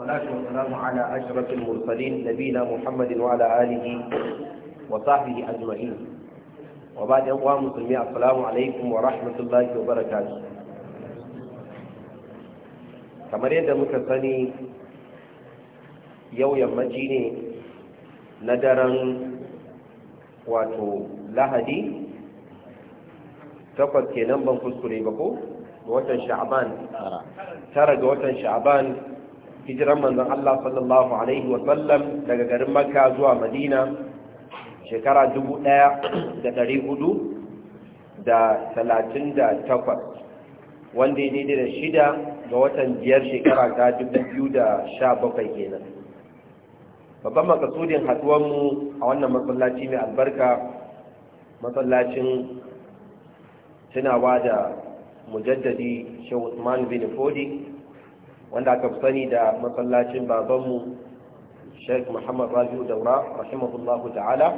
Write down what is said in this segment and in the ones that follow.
والصلاة والسلام على أشرف المرسلين نبينا محمد وعلى آله وصحبه أجمعين وبعد أقوى مسلمين السلام عليكم ورحمة الله وبركاته kamar yadda muka sani yau yammaci ne na daren wato lahadi takwas kenan ban kuskure ba ga watan sha'aban tara ga watan sha'aban hijiran manzon Allah sallallahu alaihi wa sallam daga garin Makka zuwa Madina shekara 1438 wanda ya daidai da shida ga watan biyar shekara ta bakwai kenan babban makasudin haduwanmu a wannan masallaci mai albarka masallacin tunawa da mujaddadi shehu Usman bin Fodi wanda aka sani da masallacin babanmu Sheikh Muhammad Rabiu Daura rahimahullahu ta'ala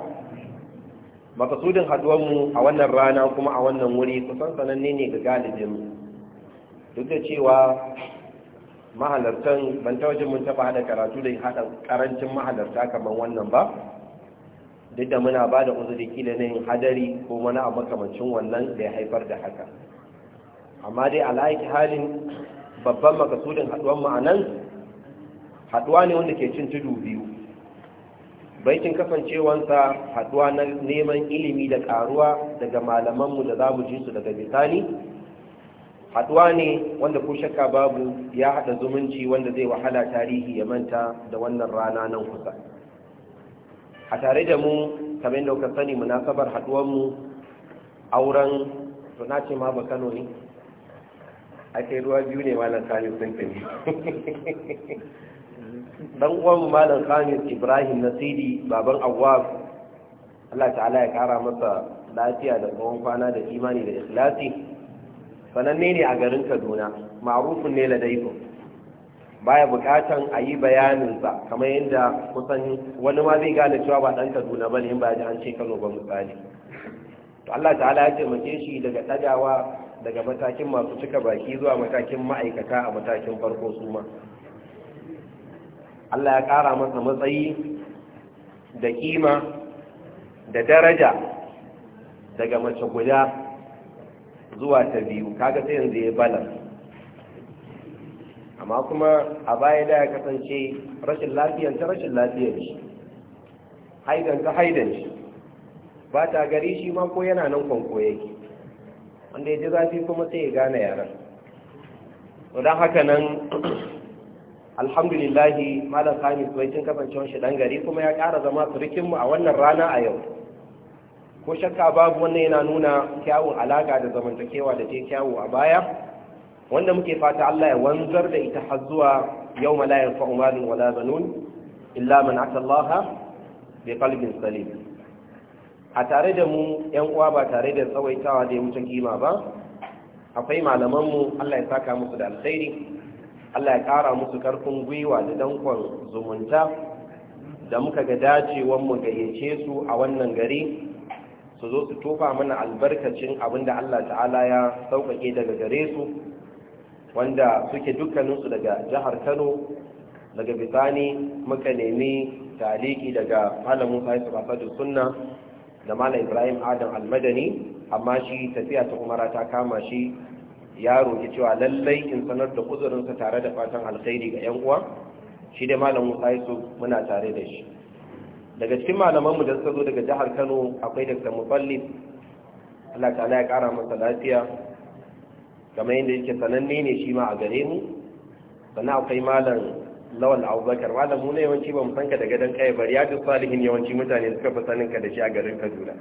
makasudin haduwanmu a wannan rana kuma a wannan wuri kusan sananne ne ga galibin duk da cewa mahalartan ban ta wajen mun taba hada karatu da hada karancin mahalarta kamar wannan ba duk da muna ba da uzuri kila na hadari ko wani abu makamancin wannan da ya haifar da haka amma dai alaiki halin babban makasudin haduwan ma'anan haduwa ne wanda ke cin tudu biyu baikin kasancewansa haduwa na neman ilimi da karuwa daga malamanmu da za mu ji su daga bisani haduwa ne wanda ko shakka babu ya hada zumunci wanda zai wahala tarihi ya manta da wannan rana nan kusa a tare da mu kamar yadda kuka sani munasabar haduwanmu auren tunace ma ba kano ne ake ruwa biyu ne malam kamis sun tafi dan uwan malam kamis ibrahim na Sidi baban awwab Allah ta'ala ya kara masa lafiya da tsawon kwana da imani da ikhlasi sananne ne a garin kaduna ma'arufin ne Ba baya bukatan a yi bayaninsa kamar yadda kusan wani ma zai gane cewa ba ɗan kaduna ba ne ba ya ji an ce kano ba misali to Allah ta'ala ya taimake shi daga ɗagawa daga matakin masu cika baki zuwa matakin ma'aikata a matakin farko su ma Allah ya ƙara masa matsayi da ƙima da daraja daga mace guda zuwa ta biyu kaga sai yanzu ya balan amma kuma a baya da ya kasance rashin lafiyan ta rashin lafiyan shi haidan ta ba ta gari shi ma ko yana nan kwankwo yake wanda ya ji zafi kuma sai ya gane yaren don haka nan alhamdulillahi malam sami kuwa cin kasancewar shi dan gari kuma ya kara zama surukinmu a wannan rana a yau ko shakka babu wannan yana nuna kyawun alaka da zamantakewa da ta kyawu a baya wanda muke fata Allah ya wanzar da ita har zuwa yau malayar fa'umalin wala zanun illa man ata Allah bi qalbin salim a tare da mu yan uwa ba tare da tsawaitawa da ya wuce kima ba akwai malamanmu Allah ya saka musu da alkhairi Allah ya ƙara musu ƙarfin gwiwa da dankon zumunta da muka ga dacewan mu gayyace su a wannan gari su zo su tofa mana albarkacin abin da Allah ta'ala ya sauƙaƙe daga gare su wanda suke dukkaninsu daga jihar Kano daga bisani muka nemi taliki daga malamin Saisu Basadu Sunna da mala ibrahim adam almadani amma shi tafiya ta umara ta kama shi ya roƙi cewa lallai in sanar da kuzurinsa tare da fatan alkhairi ga yan uwa shi da malam musa yusuf muna tare da shi daga cikin malaman mu da suka zo daga jihar kano akwai dr mufallif allah ta'ala ya kara masa lafiya kamar yadda yake sananne ne shi ma a gare mu sannan akwai malam lawal abubakar wala mu ne yawanci ban san ka da gadon kai bari ya salihin yawanci mutane suka fi sanin ka da shi a garin kaduna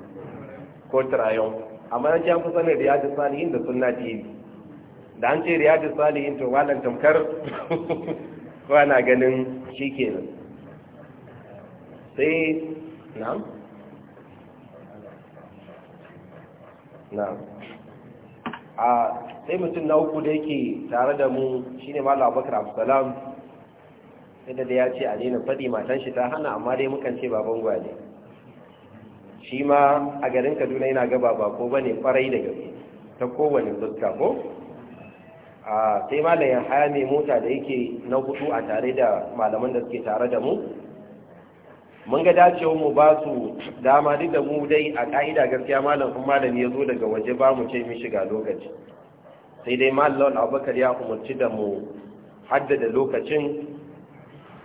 ko tirayon amma yawanci an fi sanin riyadu salihin da sunna tv da an ce riyadu salihin to wala tamkar ko ana ganin shi kenan sai na'am na'am a sai mutum na uku da yake tare da mu shine malam abubakar abdulsalam inda da ya ce a daina faɗi matan shi ta hana amma dai mukan ce baban gwale shi ma a garin kaduna yana gaba ba ko ba ne kwarai da gaske ta kowane fuska ko a sai malayin haya mai mota da yake na hudu a tare da malaman da suke tare da mu mun ga dacewar mu ba su dama duk da mu dai a ka'ida gaskiya malam kuma malami ya zo daga waje ba mu ce mi shiga lokaci sai dai malam abubakar ya umarci da mu haddada lokacin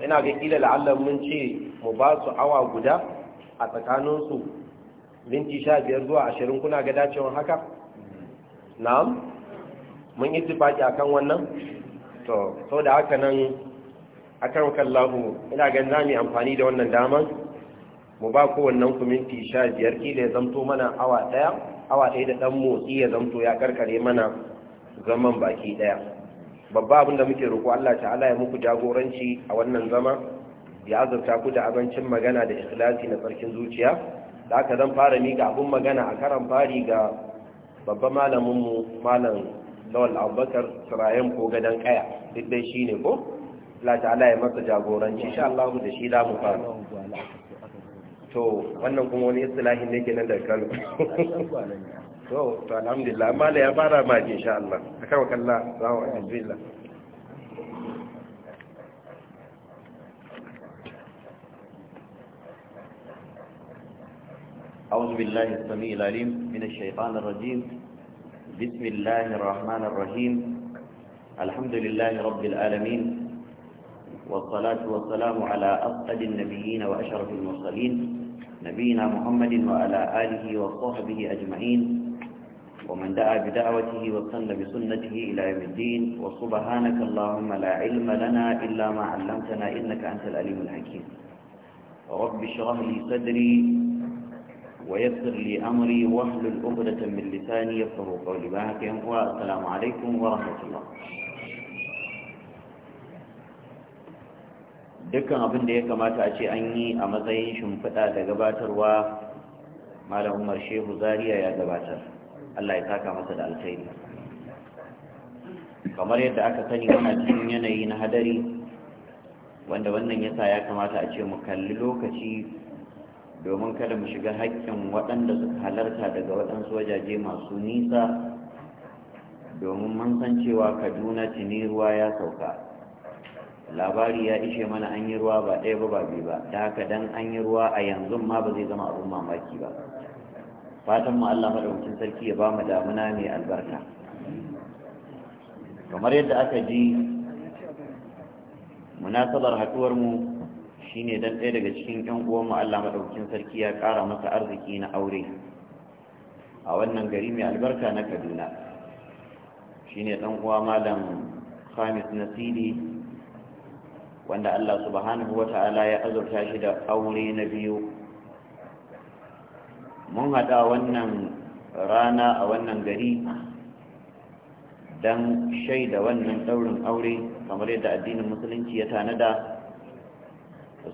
yana ga kila la'allar mun ce mu ba su awa guda a tsakaninsu minti sha biyar zuwa ashirin kuna ga dacewar haka na'am mun yi tufaki a kan wannan to sau da haka nan a kan kallahu ina gan za mu amfani da wannan daman mu ba kowannan ku minti sha biyar kila ya zamto mana awa ɗaya awa ɗaya da ɗan motsi ya zamto ya karkare mana zaman baki ɗaya babba abinda muke roƙo Allah ta'ala ya muku jagoranci a wannan zama ya azurta ku da abincin magana da ikhlasi na tsarkin zuciya da aka zan fara mika abin magana a karan fari ga babban malaminmu malam lawal abubakar tsirayen ko gadon kaya duk dai shi ko Allah ta'ala ya masa jagoranci insha Allah da shi da mu fara to wannan kuma wani istilahin ne kenan daga Kano to to alhamdulillah amma da ya fara ma insha Allah akan wakalla za mu alhamdulillah أعوذ بالله السميع العليم من الشيطان الرجيم بسم الله الرحمن الرحيم الحمد لله رب العالمين والصلاة والسلام على أسعد النبيين وأشرف المرسلين نبينا محمد وعلى آله وصحبه أجمعين ومن دعا بدعوته واستنى بسنته إلى يوم الدين وسبحانك اللهم لا علم لنا إلا ما علمتنا إنك أنت العليم الحكيم رب اشرح لي صدري ويسر لي أمري واحلل عقدة من لساني يفقهوا قولي بارك السلام عليكم ورحمة الله dukkan abin da ya kamata a ce an yi a matsayin shimfiɗa da gabatarwa malam umar shehu Zariya ya gabatar allah ya saka masa da alkhairi kamar yadda aka sani wani cikin yanayi na hadari wanda wannan yasa ya kamata a ce mu kalli lokaci domin kada mu shiga haƙƙin waɗanda suka halarta daga waɗansu wajaje masu nisa domin mun san cewa kaduna tuni ruwa ya sauka labari ya ishe mana an yi ruwa ba ɗaya ba ba biyu ba ta haka dan an yi ruwa a yanzu ma ba zai zama abin mamaki ba fatan mu Allah madaukakin sarki ya ba mu damuna mai albarka kamar yadda aka ji munasabar haɗuwar mu shine dan ɗaya daga cikin ƴan mu Allah madaukakin sarki ya ƙara masa arziki na aure a wannan gari mai albarka na Kaduna shine dan uwa malam Khamis Nasiri wanda Allah subhanahu wa ta'ala ya azurta shi da aure na biyu mun haɗa wannan rana a wannan gari don shaida wannan ɗaurin aure kamar yadda addinin musulunci ya tanada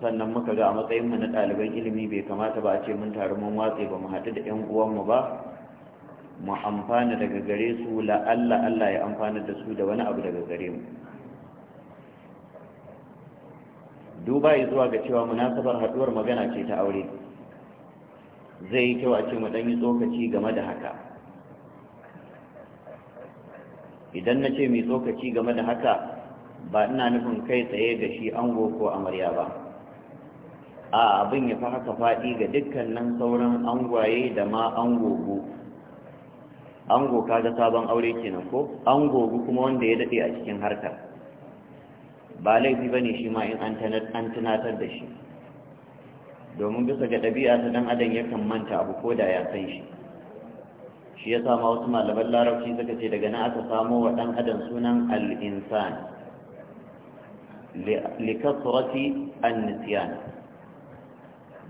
sannan muka ga a matsayinmu na ɗaliban ilimi bai kamata ba a ce mun taru mun watse ba mu haɗu da 'yan uwanmu ba mu amfana daga gare su la'alla Allah ya amfana da su da wani abu daga gare mu duba ya zuwa ga cewa munasabar haduwar magana ce ta aure zai yi kyau a ce mu dan yi tsokaci game da haka idan na ce mai tsokaci game da haka ba ina nufin kai tsaye ga shi ango ko amarya ba a abin ya fi haka faɗi ga dukkanin sauran angwaye da ma angogo ango kaga sabon aure kenan ko angogo kuma wanda ya daɗe a cikin harkar ba laifi ba ne shi ma in an tunatar da shi domin bisa ga ɗabi'a ta dan adam yakan manta abu ko da ya san shi shi ya sama wasu malaman larabci suka ce daga nan aka samo wa ɗan adam sunan al'insan likasurati annisiyan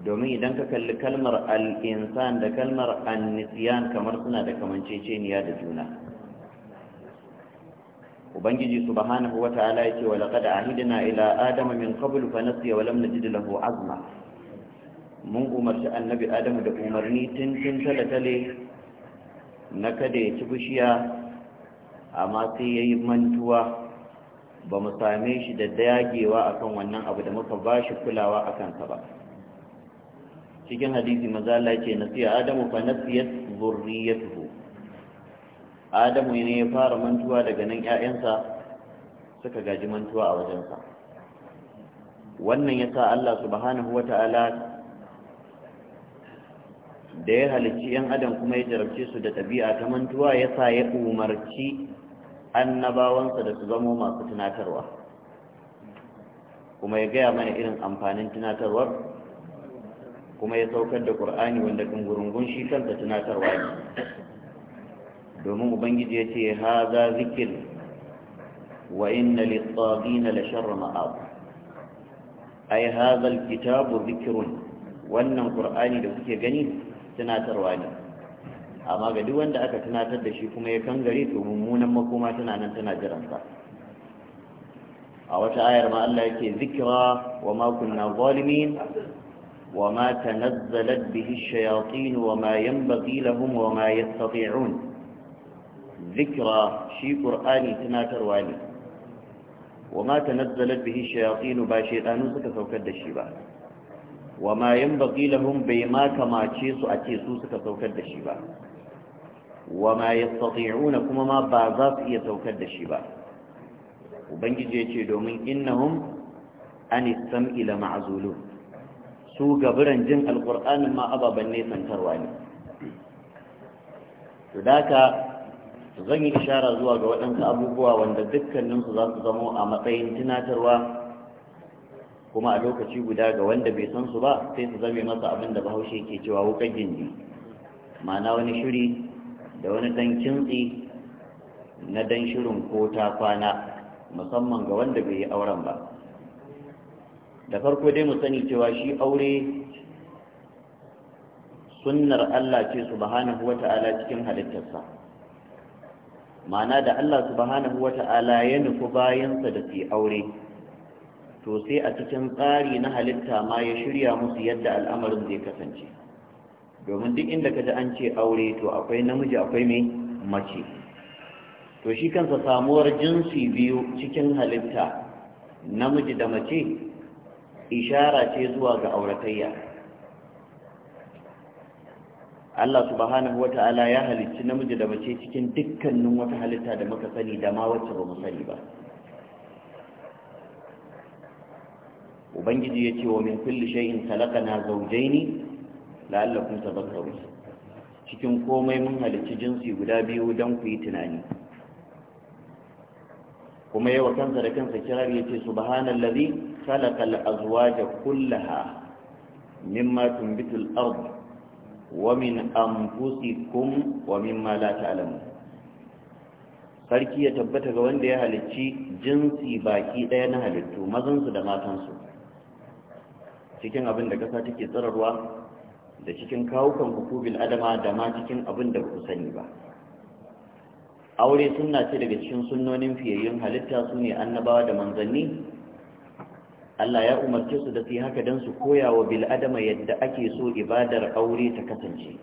domin idan ka kalli kalmar al'insan da kalmar annisiyan kamar suna da kamanceceniya da juna ubangiji subhanahu wa ta'ala yake wa laqad ahidna ila adama min qablu fa nasiya wa lam najid lahu azma mun umarci annabi adamu da umarni tintin talatale na kada ya ci bishiya amma sai yayi mantuwa ba mu same shi da dagewa akan wannan abu da muka ba shi kulawa akan sa ba cikin hadisi maza Allah yake nasiya adamu fa nasiyat zurriyatuhu adamu ne ya fara mantuwa daga nan 'ya'yansa suka gaji mantuwa a wajensa wannan ya sa Allah subhanahu wata'ala da ya halicci 'yan adam kuma ya jarabce su da ɗabi'a ta mantuwa ya sa ya umarci annabawansa da su zamo masu tunatarwa kuma ya gaya mana irin amfanin tunatarwar kuma ya saukar da ƙur'ani wanda ɗungurungun shi kansa tunatarwa ne domin ubangiji ya ce haza zikir wa inna lit la sharra ma'ab ai haza kitabu zikirin wannan ƙur'ani da kuke gani tunatarwa ne amma ga duk wanda aka tunatar da shi kuma ya kangare to mummunan makoma tana nan tana jiransa a wata ayar ma Allah yake zikira wa ma kunna zalimin wa ma tanazzalat bihi ash-shayatin wa ma yanbaghi lahum wa ma yastati'un zikira shi ƙur'ani tunatarwa ne wa ma tanazzalat bihi shayatin ba shaytanu suka saukar da shi ba wa ma yanbaghi lahum bai ma kamace su a ce su suka saukar da shi ba wa ma yastati'una kuma ma ba za su iya saukar da shi ba ubangiji ya ce domin innahum an sam'i la ma'zulun su gaburan jin alƙur'anin ma ababan nesantarwa ne sudaka zan yi ishara zuwa ga waɗansu abubuwa wanda dukkaninsu za su zamo a matsayin tunatarwa kuma a lokaci guda ga wanda bai san su ba sai su zame masa abin da bahaushe ke cewa wukan gindi ma'ana wani shiri da wani dan kintsi na dan shirin ko ta kwana musamman ga wanda bai yi auren ba da farko dai mu sani cewa shi aure sunnar Allah ce subhanahu wata'ala cikin halittarsa ma'ana da Allah subhanahu wata'ala ya nufi bayansa da su aure to sai a cikin tsari na halitta ma ya shirya musu yadda al'amarin zai kasance domin duk inda ka ji an ce aure to akwai namiji akwai mai mace to shi kansa samuwar jinsi biyu cikin halitta namiji da mace ishara ce zuwa ga auratayya Allah subhanahu wata'ala ya halicci namiji da mace cikin dukkanin wata halitta da muka sani da ma wacce ba mu sani ba ubangiji ya ce wa min kulli shay'in khalaqana zawjayn la'allakum tadhakkarun cikin komai mun halicci jinsi guda biyu don ku yi tunani kuma yawa kansa da kansa kirar ya ce subhanallazi khalaqa al-azwaja kullaha mimma tunbitu al ومن أنفسكم ومما لا تعلمون sarki ya tabbata ga wanda ya halicci jinsi baki ɗaya na halittu mazansu da matansu cikin abin da ƙasa take tsararwa da cikin kawukan hukubin adama da ma cikin abin da ku sani ba aure sunna ce daga cikin sunnonin fiyayyen halitta su ne annabawa da manzanni Allah ya umarce su da su haka don su koya wa bil'adama yadda ake so ibadar aure ta kasance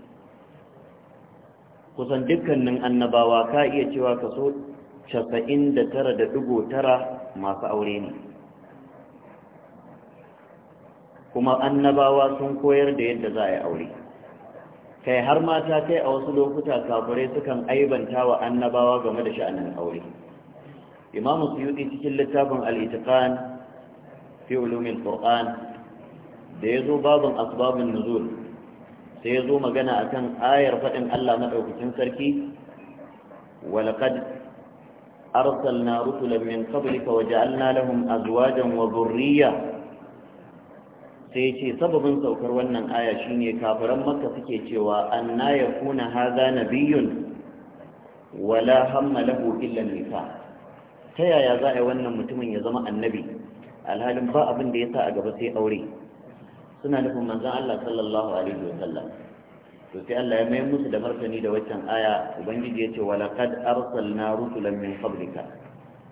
kusan dukkanin annabawa ka iya cewa kaso 99.9 masu aure ne kuma annabawa sun koyar da yadda za a yi aure kai har mata kai a wasu lokuta kafirai sukan aibanta wa annabawa game da sha'anin aure imamu suyuti cikin littafin al'itikan fi ulumin qur'an da yazo babin asbabun nuzul sai yazo magana a kan ayar faɗin Allah maɗaukacin sarki arsal na rusulan min qablika waje ja'alna lahum azwajan wa dhurriyya sai ce sababin saukar wannan aya shine kafiran makka suke cewa anna haza na biyun?" wala hamma lahu illa nisa. ta yaya za a yi wannan mutumin ya zama annabi alhalin ba abin da ya sa a gaba sai aure suna nufin manzan Allah sallallahu alaihi wa sallam to sai Allah ya mai musu da martani da waccan aya ubangiji ya ce wa walaqad arsalna rusulan min qablika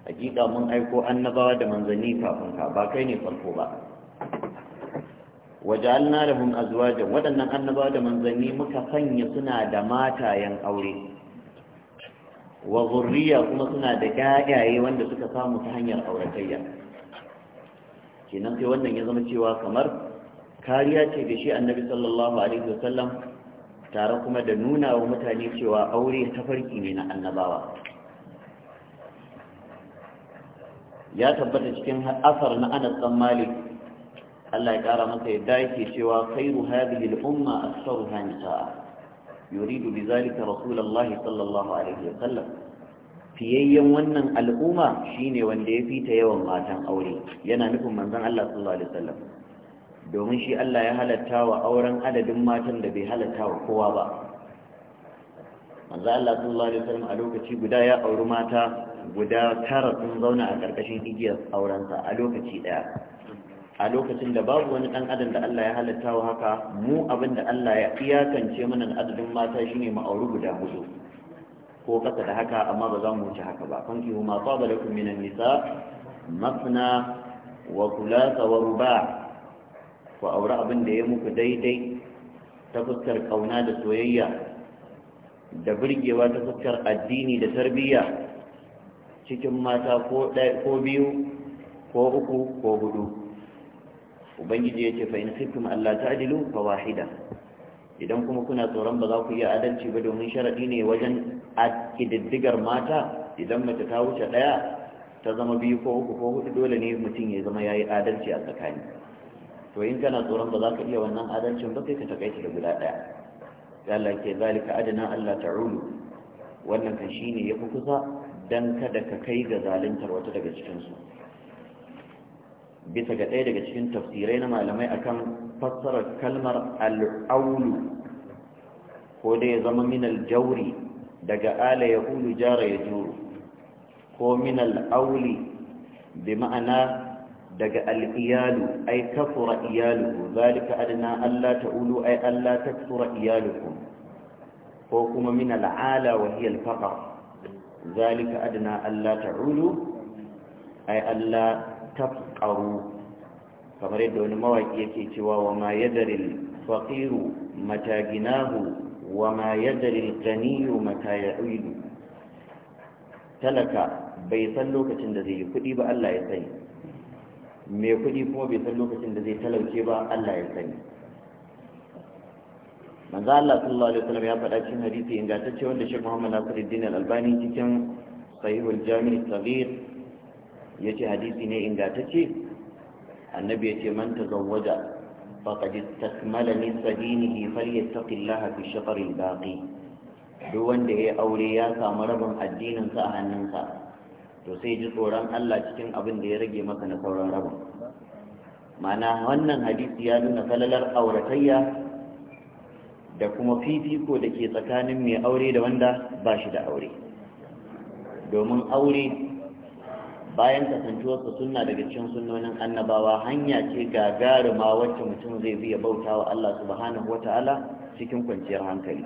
hakika mun aiko annabawa da manzanni kafin ka ba kai ne farko ba waja'alna lahum azwajan waɗannan annabawa da manzanni muka sanya suna da matayen aure wa zurriya kuma suna da ƴaƴaye wanda suka samu ta hanyar auratayya kenan sai wannan ya zama cewa kamar kariya ce da shi annabi sallallahu alaihi wasallam tare kuma da nuna wa mutane cewa aure ta farki ne na annabawa ya tabbata cikin asar na anas dan malik Allah ya kara masa yadda yake cewa khairu hadhihi al-umma aktharuha nisaa yuridu bi dhalika rasulullahi sallallahu alaihi wasallam fiyayyen wannan al'umma shine wanda ya fita yawan matan aure yana nufin manzon Allah sallallahu alaihi wasallam domin shi Allah ya halatta wa auren adadin matan da bai halatta wa kowa ba manzon Allah sallallahu alaihi wasallam a lokaci guda ya auri mata guda tara sun zauna a ƙarƙashin igiyar aurensa a lokaci ɗaya. a lokacin da babu wani ɗan adam da Allah ya halatta wa haka mu abinda Allah ya iyakance mana adadin mata shine mu auri guda hudu ko kasa da haka amma ba za mu wuce haka ba fanki huma tsaba lakum minan nisa masna wa kula wa ruba ku aure abin da ya muku daidai ta fuskar kauna da soyayya da burgewa ta fuskar addini da tarbiyya cikin mata ko biyu ko uku ko hudu ubangiji ya ce fa in khiftum alla ta'dilu fa wahida idan kuma kuna tsoron ba za ku iya adalci ba domin sharadi ne wajen a ƙididdigar mata idan mace ta wuce ɗaya ta zama biyu ko uku ko hudu dole ne mutum ya zama ya yi adalci a tsakani to in kana tsoron ba za ka iya wannan adalcin ba sai ka takaita da guda ɗaya Allah ke zalika adana Allah ta'ulu wannan kan ya yafi kusa dan kada ka kai ga zaluntar wata daga cikinsu. bisa ga ɗaya daga cikin tafsirai na malamai akan fassarar kalmar al'aulu ko da ya zama min jauri. daga ala ya hulu jara ya juru ko min al'auli bi ma'ana daga al'iyalu ai kafura iyaluku zalika adana Allah ta ta'ulu ai Allah ta takfura iyaluku ko kuma min al'ala wa hiya faƙa. faqr zalika adana Allah ta ta'ulu ai Allah ta ƙaru. kamar yadda wani mawaki yake cewa wa ma yadaril faqiru mataginahu وما يدري الغني متى يعيد تلك bai san lokacin da zai yi kudi ba Allah ya sani mai kudi kuma bai san lokacin da zai talauce ba Allah ya sani manzo Allah sallallahu alaihi wasallam ya faɗa cikin hadisi ingantacce wanda Sheikh Muhammad Nasiruddin Al-Albani cikin Sahihul Jami' Saghir yace hadisi ne ingantacce annabi yace man tazawwaja فقد استكمل نصف فليتق الله في الشطر الباقي duk wanda ya aure ya samu rabin addininsa a hannunsa to sai ji tsoron Allah cikin abin da ya rage masa na sauran rabin mana wannan hadisi ya nuna falalar auratayya da kuma fifiko da ke tsakanin mai aure da wanda ba shi da aure domin aure bayan kasancewarsa sunna daga cikin sunnonin annabawa hanya ce gagaruma wacce mutum zai ya bauta wa Allah subhanahu wata'ala cikin kwanciyar hankali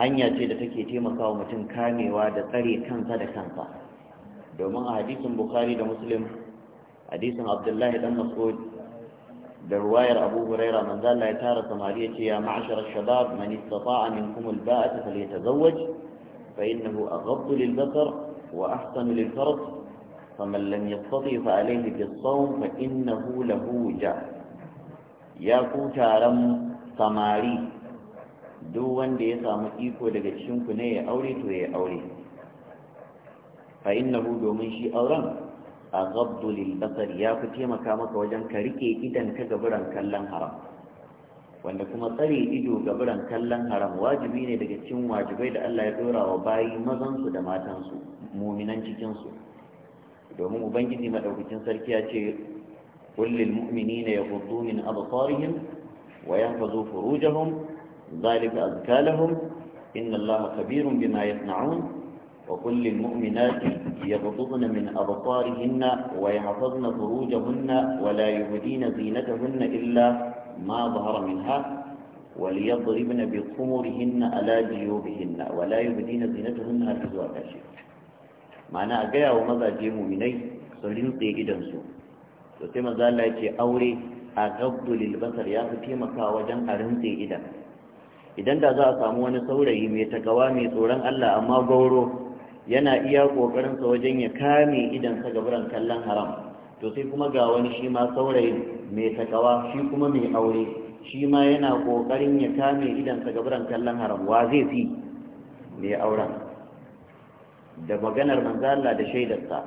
hanya ce da take taimakawa mutum kamewa da tsare kansa da kansa domin a hadisin bukhari da muslim hadisin abdullahi dan mas'ud da ruwayar abu huraira manzo ya tara samari ya ce ya ma'ashar shabab man istata'a minkum al-ba'a falyatazawwaj fa innahu aghaddu lil-basar وأحسن للفرض فمن لم يستطع فعليه بالصوم فإنه له وجع يا كوتارم samari duk wanda ya samu iko daga cikinku ne ya aure to ya aure fa innahu domin shi auren a gabdu lil ya fi taimaka maka wajen ka rike idan ka gaburan kallon haram wanda kuma tsare ido ga biran kallon haram wajibi ne daga cikin wajibai da Allah ya dora wa bayi mazansu da matansu muminan cikinsu domin ubangiji madaukakin sarki ya ce kullil mu'minina yaghuddu min absarihim wa yahfazu furujahum zalika azka lahum inna Allaha khabirun bima yasna'un وكل المؤمنات يغضضن من أبصارهن ويحفظن فروجهن ولا يبدين زينتهن illa? ما ظهر منها وليضربن بخمرهن على جيوبهن ولا يبدين زينتهن هل زوا كاشي معنى أجايا وماذا جي مؤمني سرين قيدا سو وتما ذال يتي أوري أغض للبصر يا فتي مكا وجن أرن قيدا idan da za a samu wani saurayi mai tagawa mai tsoron Allah amma gauro yana iya kokarin sa wajen ya kame idan sa gaburan kallon haram to sai kuma ga wani shi ma saurayi mai takawa shi kuma mai aure shi ma yana kokarin ya kame idansa gaburan kallon haram wa zai fi mai auren da maganar manzala da shaidarsa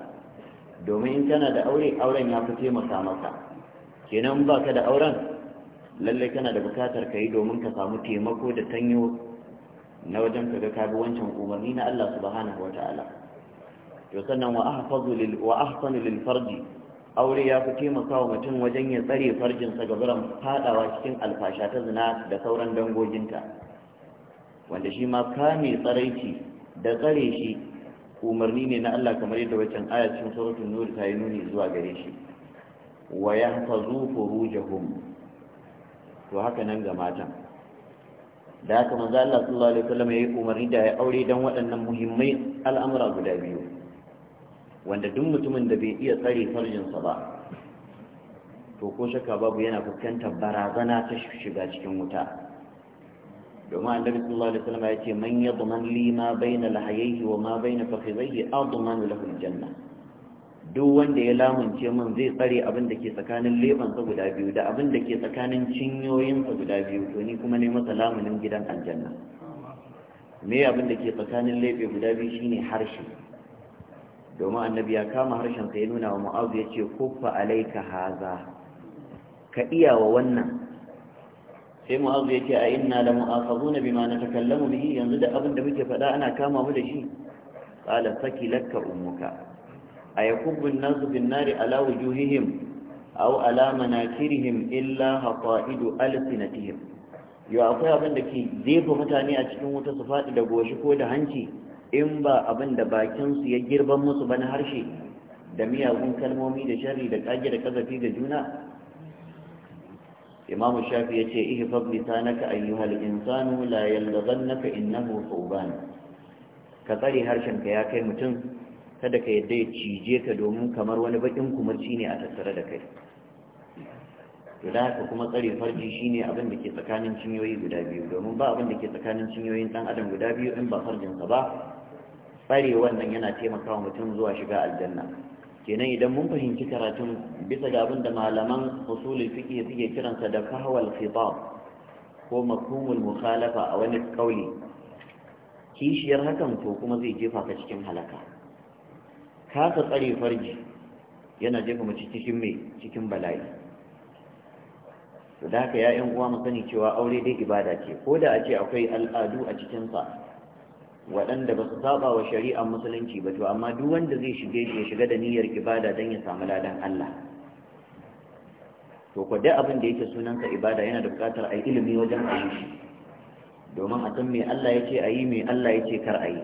domin in kana da aure auren ya fi taimaka maka kenan ba ka da auren lallai kana da bukatar ka yi domin ka samu taimako da tanyo na wajen ka ga kabi wancan umarni na Allah subhanahu wa ta'ala to sannan wa ahfazu lil wa ahsanu lil farji aure ya fi taimakawa mutum wajen ya tsare farjinsa ga biran fadawa cikin alfasha ta zina da sauran dangoginta wanda shi ma kame tsaraici da tsare shi umarni ne na Allah kamar yadda wacan aya cikin suratul nur ta yi nuni zuwa gare shi wa yahfazu furujahum to haka nan ga matan da haka manzo Allah sallallahu alaihi wasallam yayi umarni da ya aure dan waɗannan muhimmai al'amura guda biyu wanda duk mutumin da bai iya tsare farjinsa ba to ko shaka babu yana fuskantar barazana ta shiga cikin wuta domin annabi sallallahu alaihi wasallam ya ce man yadman li ma baina lahayhi wa ma baina fakhidhihi adman lahu aljanna duk wanda ya lamunce min zai tsare abin da ke tsakanin lebansa guda biyu da abin da ke tsakanin cinyoyinsa guda biyu to ni kuma ne masa lamunin gidan aljanna me abin da ke tsakanin lebe guda biyu shine harshe domin annabi ya kama harshen sa ya nuna wa mu'azu ya ce kuffa alaika haza ka iya wa wannan sai mu'azu ya ce a inna la mu'akhazuna bima natakallamu bihi yanzu da abin da muke faɗa ana kama mu da shi qala sakilaka ummuka ayakubbu an-nasu bin nari ala wujuhihim aw ala manakirihim illa haqa'idu alsinatihim yo akwai abin da ke jefa mutane a cikin wuta su faɗi da goshi ko da hanci in ba abin da bakinsu ya girban musu ba na harshe da miyagun kalmomi da shari da kage da kazafi ga juna imam shafi ya ce ihe fabli ta naka ayyuhal insanu la zan naka innahu tsoban ka tsare harshenka ya kai mutum kada ka yadda ya cije ka domin kamar wani bakin kumarci ne a tattare da kai to da haka kuma tsare farji shine abin da ke tsakanin cinyoyi guda biyu domin ba abin da ke tsakanin cinyoyin dan adam guda biyu in ba farjinsa ba tsare wannan yana taimakawa mutum zuwa shiga aljanna kenan idan mun fahimci karatun bisa ga abin da malaman usulul fiqh suke kiransa da kahwal khitab ko mafhumul mukhalafa a wani kauli kishiyar hakan to kuma zai jefa ka cikin halaka kasa tsare farji yana jefa mu cikin mai cikin bala'i to da haka ya yan uwa mu sani cewa aure dai ibada ce ko da a ce akwai al'adu a cikinsa waɗanda ba su saba wa shari'ar musulunci ba to amma duk wanda zai shige shi ya shiga da niyyar ibada don ya samu ladan Allah to ko abin da yake sunansa ibada yana da buƙatar a yi ilimi wajen a yi shi domin a san me Allah ya ce a yi me Allah ya ce kar a yi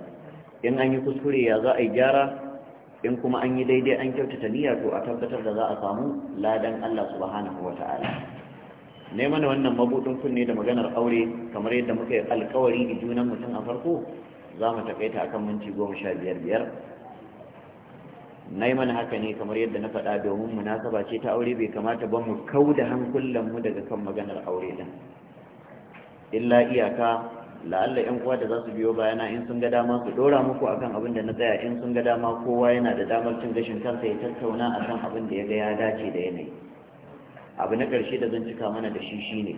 in an yi kuskure ya za a yi gyara in kuma an yi daidai an kyautata niyya to a tabbatar da za a samu ladan Allah subhanahu wa ta'ala ne mana wannan mabudin kunne da maganar aure kamar yadda muka yi alkawari da junan mutum a farko za mu takaita akan minti goma sha biyar biyar na yi mana haka ne kamar yadda na faɗa domin munasaba ce ta aure bai kamata ba mu kau da mu daga kan maganar aure din illa iyaka la'alla yan uwa da za su biyo bayana in sun ga dama su dora muku akan abin da na tsaya in sun ga dama kowa yana da damar cin gashin kansa ya tattauna akan abin da ya ga ya dace da yanayi abu na ƙarshe da zan cika mana da shi shine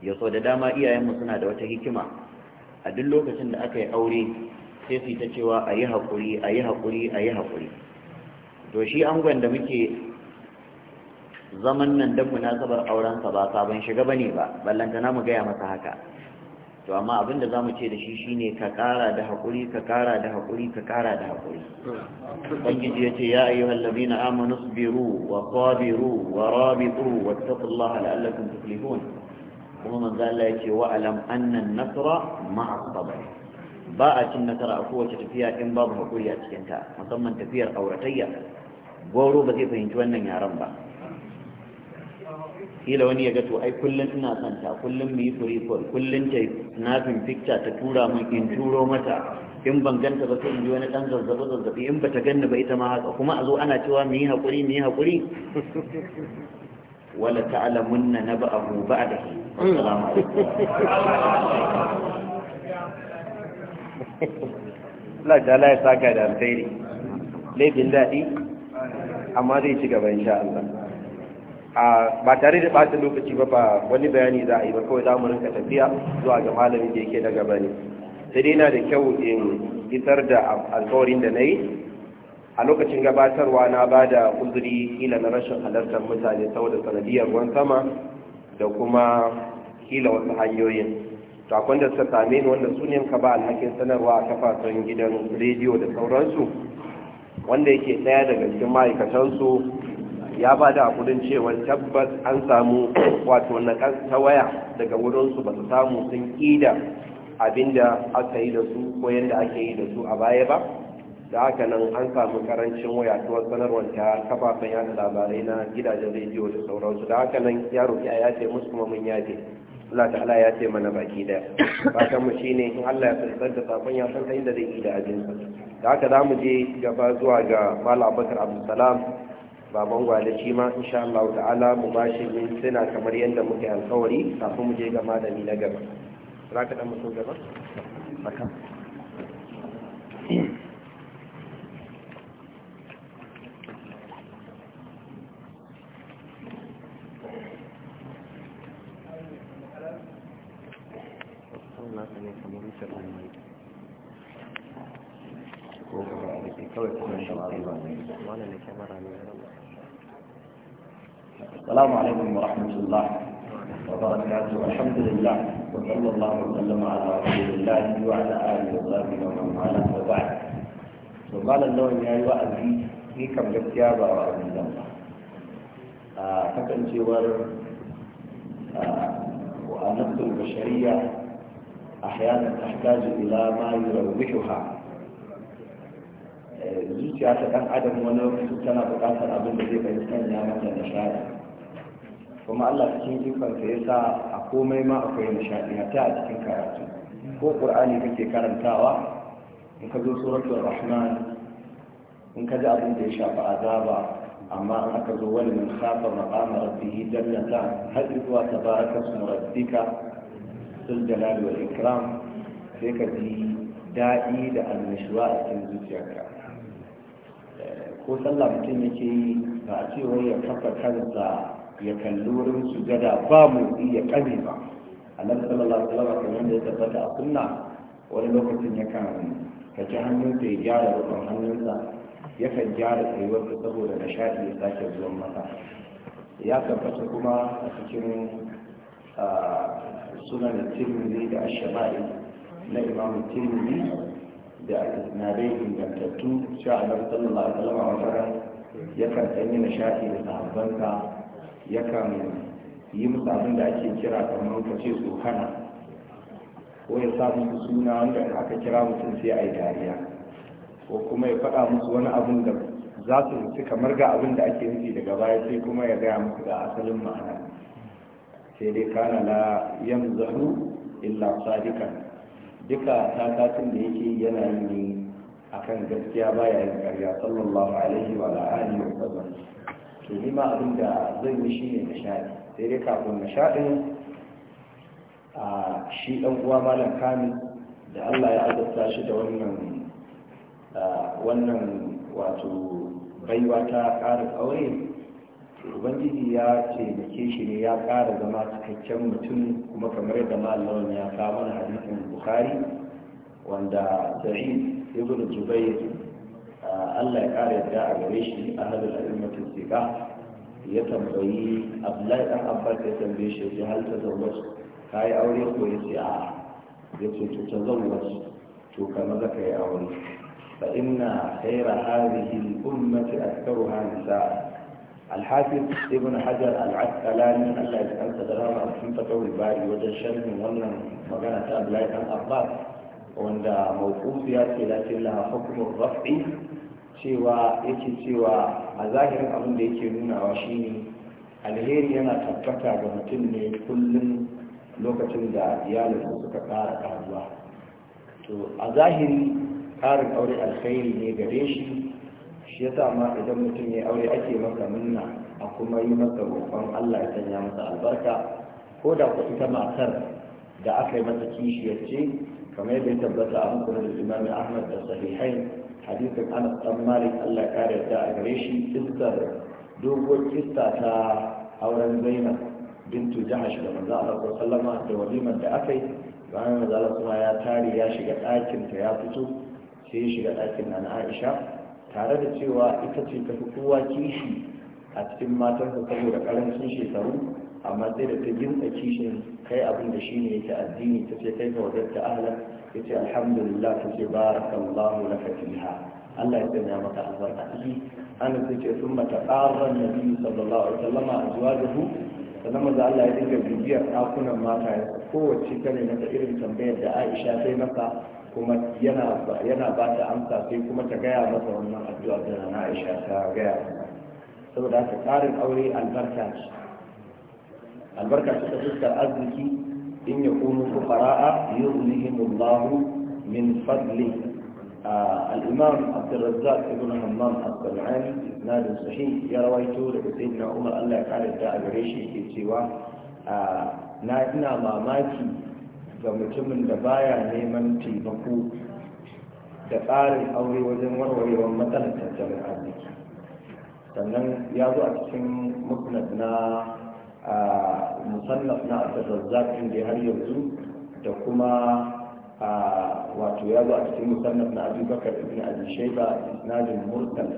ya da dama iyayenmu suna da wata hikima a duk lokacin da aka yi aure sai su ta cewa a yi haƙuri a yi haƙuri a yi haƙuri to shi angon da muke zaman nan don munasabar aurensa ba sabon shiga ba ne ba ballantana mu gaya masa haka to amma abin da za mu ce da shi shine ka kara da haƙuri ka ƙara da haƙuri ka kara da haƙuri ubangiji ya ce ya ayyuhal na amanu Biru, wa sabiru wa rabitu wattaqullaha la'allakum tuflihun kuma manzo Allah ya ce wa alam annan nasra ma'a sabr ba a cin nasara a kowace tafiya in babu hakuri a cikin ta musamman tafiyar auratayya Goro ba zai fahimci wannan yaran ba kila wani ya ga to ai kullum ina son ta kullum mu yi free fall kullum ta snapping picture ta tura mun, in turo mata in ban ganta ba sai in ji wani dan zazzabi zazzabi in bata ganni ba ita ma haka kuma a zo ana cewa mu yi hakuri mu yi hakuri wala ta'lamunna naba'ahu ba'dahu hmm. assalamu alaikum Allah ta la ya saka da alkhairi bin daɗi amma zai ci gaba insha Allah ba tare da ɓata lokaci ba ba wani bayani za a yi ba kawai za mu rinka tafiya zuwa ga malamin da yake na gaba ne sai dai na da kyau in isar da alkawarin da na yi a lokacin gabatarwa na ba da uzuri kila na rashin halartar mutane saboda sanadiyar ruwan sama da kuma kila wasu hanyoyin takon da suka same ni wanda su ne ka ba alhakin sanarwa a kafafen gidan rediyo da sauransu wanda yake ɗaya daga cikin ma'aikatansu ya ba da kudin cewa tabbas an samu wato na ta waya daga wurinsu ba su samu sun ƙida abinda aka yi da su ko yadda ake yi da su a baya ba da haka nan an samu karancin wayatuwar sanarwar ta kafafen yada labarai na gidajen rediyo da sauransu da haka nan ya roƙi a yace musu kuma mun yace Allah ta'ala ya ce mana baki daya fatan mu shine in Allah ya tsantsar da safan ya san inda zai yi da abinsa da haka zamu je gaba zuwa ga Malam Abubakar Abdulsalam baban gwale shi ma insha Allah ta'ala mu bashi min suna kamar yadda muke alƙawari kafin mu je ga malami na gaba za ka dan mutum gaba you. السلام عليكم ورحمة الله وبركاته الحمد لله وصلى الله وسلم على رسول الله وعلى آله وصحبه ومن والاه وبعد وقال الله يا أيها أبي آه، في كم gaskiya ba wa الله فكان جوار a البشريه أحيانا تحتاج إلى ما يروحها zuciya ta ɗan adam wani lokaci tana buƙatar abin da zai bai sanya mata nishaɗi kuma Allah cikin ikonsa ya sa a komai ma akwai nishaɗi ta a cikin karatu ko ƙur'ani kake karantawa in ka zo suratul rahman in ka ji abin da ya shafi azaba amma in aka zo wani min safa maqama rabbih jannata har zuwa tabaraka ismu rabbika sul jalali wal ikram sai ka ji daɗi da annashuwa a cikin zuciyarka ko sallah mutum yake yi ba a ce wai ya kafa kansa ya kalli wurin sujada ba motsi ya kame ba annabi sallallahu alaihi wasallam kamar da ya tabbata a sunna wani lokacin ya kan kaci hannunsa ya gyara rukun hannunsa yakan gyara tsayuwarsa saboda nishaɗi ya sake zuwan masa ya tabbata kuma a cikin ah, sunan tirmidhi da ash na imamu tirmidhi da isnadai ingantattu sha Allah sallallahu alaihi wasallam a wajen yakan ɗanyi nishaɗi da ya yakan yi musu abin da ake kira kamar ka ce tsokana ko ya sa musu suna wanda aka kira mutum sai a yi dariya ko kuma ya faɗa musu wani abin da za su rufe kamar ga abin da ake nufi daga baya sai kuma ya gaya musu da asalin ma'ana sai dai kana la yamzahu illa sadikan duka takatun da yake yana yi ne kan gaskiya baya yin karya sallallahu alaihi wa alihi wa sallam to ni ma abin da zan yi shi shine nishadi sai dai kafin nishadin a shi ɗan uwa malam kami da Allah ya azabta shi da wannan wato baiwa ta ƙarar aure ya ce shi ne ya ƙara zama cikakken mutum kuma kamar yadda malamin ya kawo na hadisin bukari wanda sa'id ibn jubair Allah ya ƙara yadda a gare shi a hadin al'ummatin siga ya tambayi abdullahi dan abbas ya tambaye shi ya hal ta zawwaj kai aure ko ya ce a ya ce to ta zawwaj to maza ka yi aure fa inna khayra hadhihi al-ummati aktharuha nisaa الحافظ ابن حجر العسقلاني الله يسأل تدرام أرحيم فتوه الباري وجل من ولن مغانا تأبلاي عن أخبار وعند موقوف ياتي لكن لها حكم الرفع cewa yake cewa a zahirin abin da yake nunawa shine alheri yana tabbata ga mutum ne kullum lokacin da iyalinsa suka kara ƙaruwa to a zahiri ƙarin aure alkhairi ne gare shi shi yasa ma idan mutum ya aure ake maka minna a kuma yi maka roƙon Allah ya sanya masa albarka ko da ku ita matar da aka yi masa kishiyarci kamar yadda ya tabbata a hukumar Imam Ahmad da Sahihain hadisin Anas dan Malik Allah ya kare da a gare shi kissar dogon kista ta auren Zainab bintu Jahash da manzo Allah sallallahu da walimar da aka yi bayan manzo Allah ya tare ya shiga ɗakin ta ya fito sai ya shiga ɗakin na Aisha tare da cewa ita ce ta fi kowa kishi a cikin matansa saboda karancin shekaru amma sai da ta ginsa kishin kai abin da shi ne yake addini ta ce kai ga wajen ta ahlan ya ce alhamdulillah ta ce barakallahu na fiha Allah ya sanya maka albarka ciki an ta ce sun mata ƙarar nabi sallallahu alaihi wasallam a azwajuhu sannan maza Allah ya dinga bibiyar ɗakunan mata kowace kare na irin tambayar da Aisha ta yi masa kuma yana ba ta amsa sai kuma ta gaya masa wannan addu'a da na Aisha ta gaya saboda haka tsarin aure albarka ce albarka ce ta fuskar arziki in ya kunu fuqara'a yughnihimullahu min fadli al-imam Abdurrazzaq ibn Hammam al-Qanani isnadun sahih ya rawaito daga sayyidina Umar Allah ya kare ta a gare shi yake cewa na ina mamaki ga mutumin da baya neman taimako da tsarin aure wajen warwarewar matsalar tattalin arziki sannan ya zo a cikin musnad na musannaf na abdurrazzaq har yanzu da kuma wato ya zo a cikin musannaf na abubakar ibn shaiba shayba isnadin mursal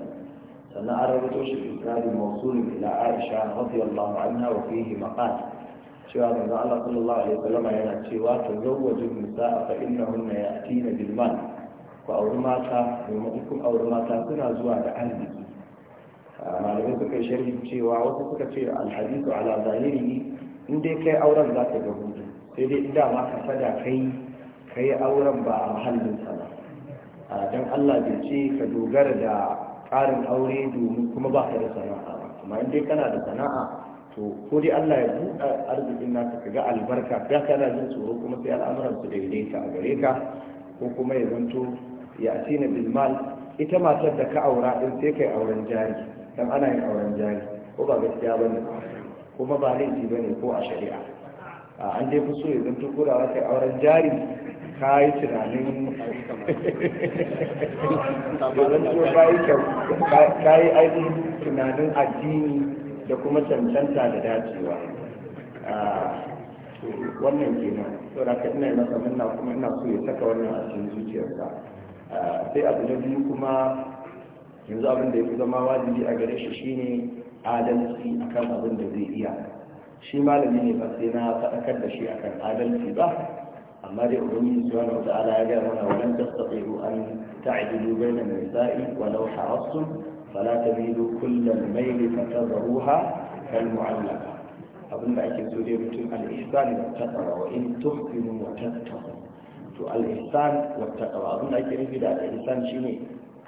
sannan an rawaito shi isnadin mawsulin ila aisha radiyallahu anha wa fihi maqal cewa manzo Allah sallallahu alaihi wasallam yana cewa to zawwaju nisaa fa innahunna ya'tina bil mal ku auri mata domin auri mata suna zuwa da arziki malamai suka yi sharhi cewa wasu suka ce alhadisu ala zahiri in dai kai auren za ka ga hudu sai dai idan ma ka fada kai kai auren ba a mahallin sa ba dan Allah bai ce ka dogara da ƙarin aure domin kuma ba ka da sana'a ba amma in dai kana da sana'a to ko dai Allah ya buɗa arzikin naka ka ga albarka ka kana jin tsoro kuma sai al'amuran su ka a gare ka ko kuma ya zanto ya atina bil mal ita matar da ka aura din sai kai auren jari dan ana yin auren jari ko ba gaskiya bane kuma ba laifi bane ko a shari'a an dai fi so ya zanto ko da kai auren jari ka yi tunanin ka yi tunanin addini da kuma cancanta da dacewa wannan kenan saboda ka ina masa murna kuma ina so ya saka wannan a cikin zuciyarsa sai abu na biyu kuma yanzu abin da ya fi zama wajibi a gare shi shine adalci akan abin da zai iya shi malami ne ba sai na faɗakar da shi akan adalci ba amma dai ubangiji subhanahu wata'ala ya gaya mana walan tastati'u an ta'dilu bainan nisa'i walau harassum فلا تميل كل الميل فتذروها كالمعلقة أظن أكيد سوريا بتم الإحسان والتقوى وإن تحسنوا وتتقوا to al-ihsan wa taqwa abin da ake nufi da al-ihsan shine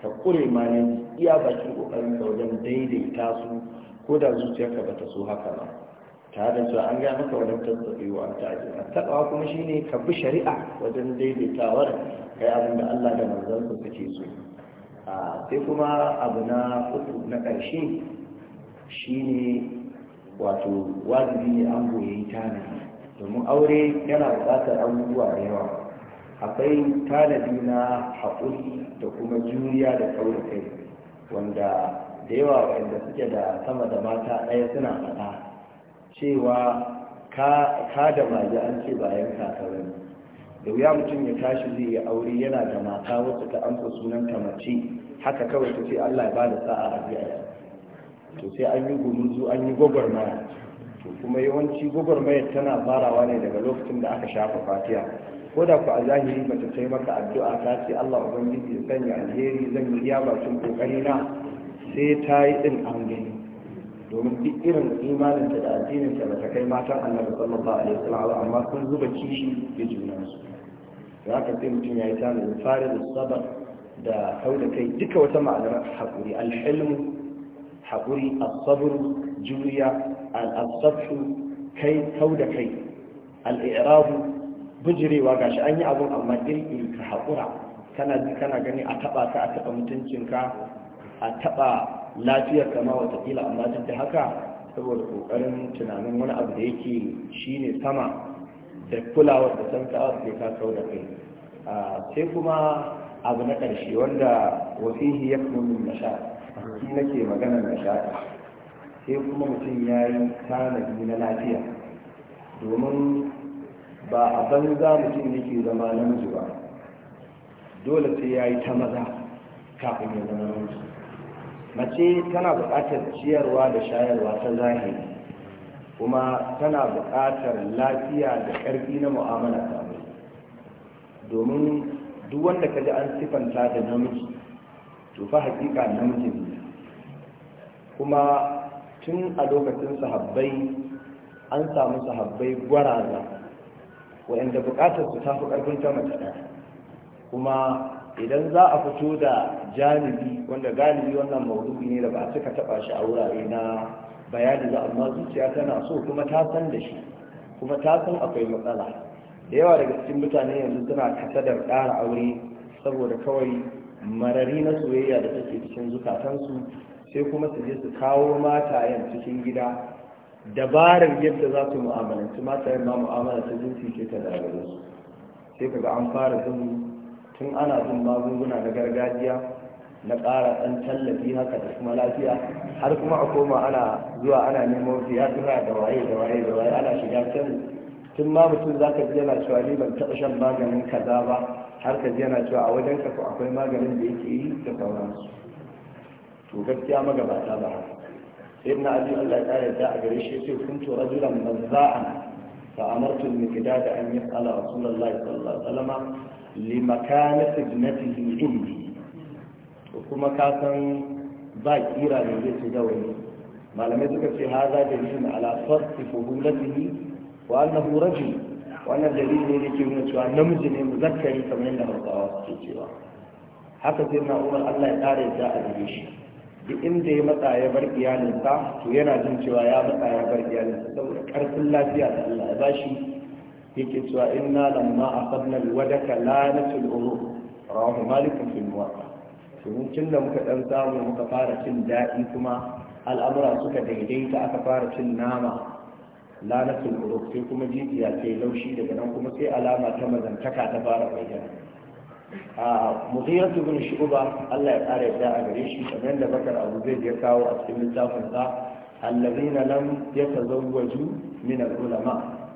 ka kure malin iya bakin kokarin ka wajen daidaita su ko da zuciyarka ba ta so haka ba tare da cewa an ga maka wajen tasiri wa ta'aji taqwa kuma shine ka bi shari'a wajen daidaitawar kai abin da Allah da manzon suke so sai kuma abu na uku na ƙarshe shine wato wajibi ne an goyi tanadi domin aure yana buƙatar abubuwa da yawa akwai tanadi na haƙuri da kuma juriya da kaurin kai wanda da yawa waɗanda suke da sama da mata ɗaya suna faɗa cewa ka da maji an ce bayan kaka da wuya mutum ya tashi zai yi aure yana da mata wasu ta amsa sunan ta mace haka kawai ta ce Allah ya ba da sa'a a biya to sai an yi gumurzu an yi gwagwarmaya to kuma yawanci gwagwarmaya tana farawa ne daga lokacin da aka shafa fatiya ko da ku a zahiri mace sai maka addu'a ta ce Allah ubangiji ya sanya alheri zan yi iya bakin kokari na sai ta yi din an gani domin duk irin imaninta da addininta ba ta kai matan annabi sallallahu alaihi wasallam amma sun zuba kishi da junansu za ka sai mutum ya yi da fara da sabar da kau da kai duka wata ma'anar haƙuri alhilmu haƙuri asabar juriya al'asabtu kai kau da kai al'irabu bujirewa gashi an yi abun amma irin ka haƙura kana ji kana gani a taɓa ka a taɓa mutuncinka a taɓa lafiyar kama watakila amma duk da haka saboda kokarin tunanin wani abu da yake ne sama da kulawar da san ka sai ka da kai sai kuma abu na ƙarshe wanda wasihi ya kuma min nasha shi nake maganar nasha sai kuma mutum ya yi tanadi na lafiya domin ba a banza mutum yake zama namiji ba dole sai ya yi ta maza kafin ya zama namiji mace tana buƙatar ciyarwa da shayarwa ta zahiri kuma tana buƙatar lafiya da ƙarfi na mu'amala ta domin duk wanda ka ji an sifanta da namiji to fa hakika namiji ne kuma tun a lokacin sahabbai an samu sahabbai gwaraza waɗanda buƙatar su ta fi ƙarfin ta mace kuma idan za a fito da janibi wanda galibi wannan maudu'i ne da ba a cika taba shi a wurare na bayani ba amma zuciya tana so kuma ta san da shi kuma ta san akwai matsala da yawa daga cikin mutane yanzu suna da ƙara aure saboda kawai marari na soyayya da take cikin zukatansu sai kuma su je su kawo matayen cikin gida dabarar yadda za su mu'amalanci matayen ma mu'amala ta jinsi ce ta da su sai kaga an fara zama tun ana bin magunguna na gargajiya na ƙara ɗan tallafi haka da kuma lafiya har kuma a koma ana zuwa ana nemo fiyatura da waye da waye da waye ana shiga can tun ma mutum za ka ji yana cewa ni ban taɓa shan maganin kaza ba har ka ji yana cewa a wajen ka akwai maganin da yake yi da sauransu to gaskiya magabata ba sai na ali Allah ya kare ta a gare shi sai kuntu rajulan mazza'an فأمرت المقداد أن يسأل رسول الله صلى الله عليه وسلم لمكانة ابنته عندي وكما كان باكيرا من بيت دولي ما لم يذكر في هذا دليل على فرط فضولته وأنه رجل وأن الدليل يلي كيونا شوى نمزن مذكري كما إنه رضا واسكي haka sai na umar allah ya kare ta a gare shi duk inda ya matsa ya bar iyalinsa to yana jin cewa ya matsa ya bar iyalinsa saboda karfin lafiya da Allah ya bashi yake cewa inna lamma asabna alwadaka la natul umur rawahu malik fi muwatta to mun da muka dan samu muka fara cin daɗi kuma al'amura suka daidaita aka fara cin nama la natul umur sai kuma jijiya ce laushi daga nan kuma sai alama ta mazantaka ta fara bayyana mughira bin shu'ba Allah ya tsara yadda a gare shi kamar da bakar abu zai ya kawo a cikin littafin sa allazina lam yatazawwaju min al-ulama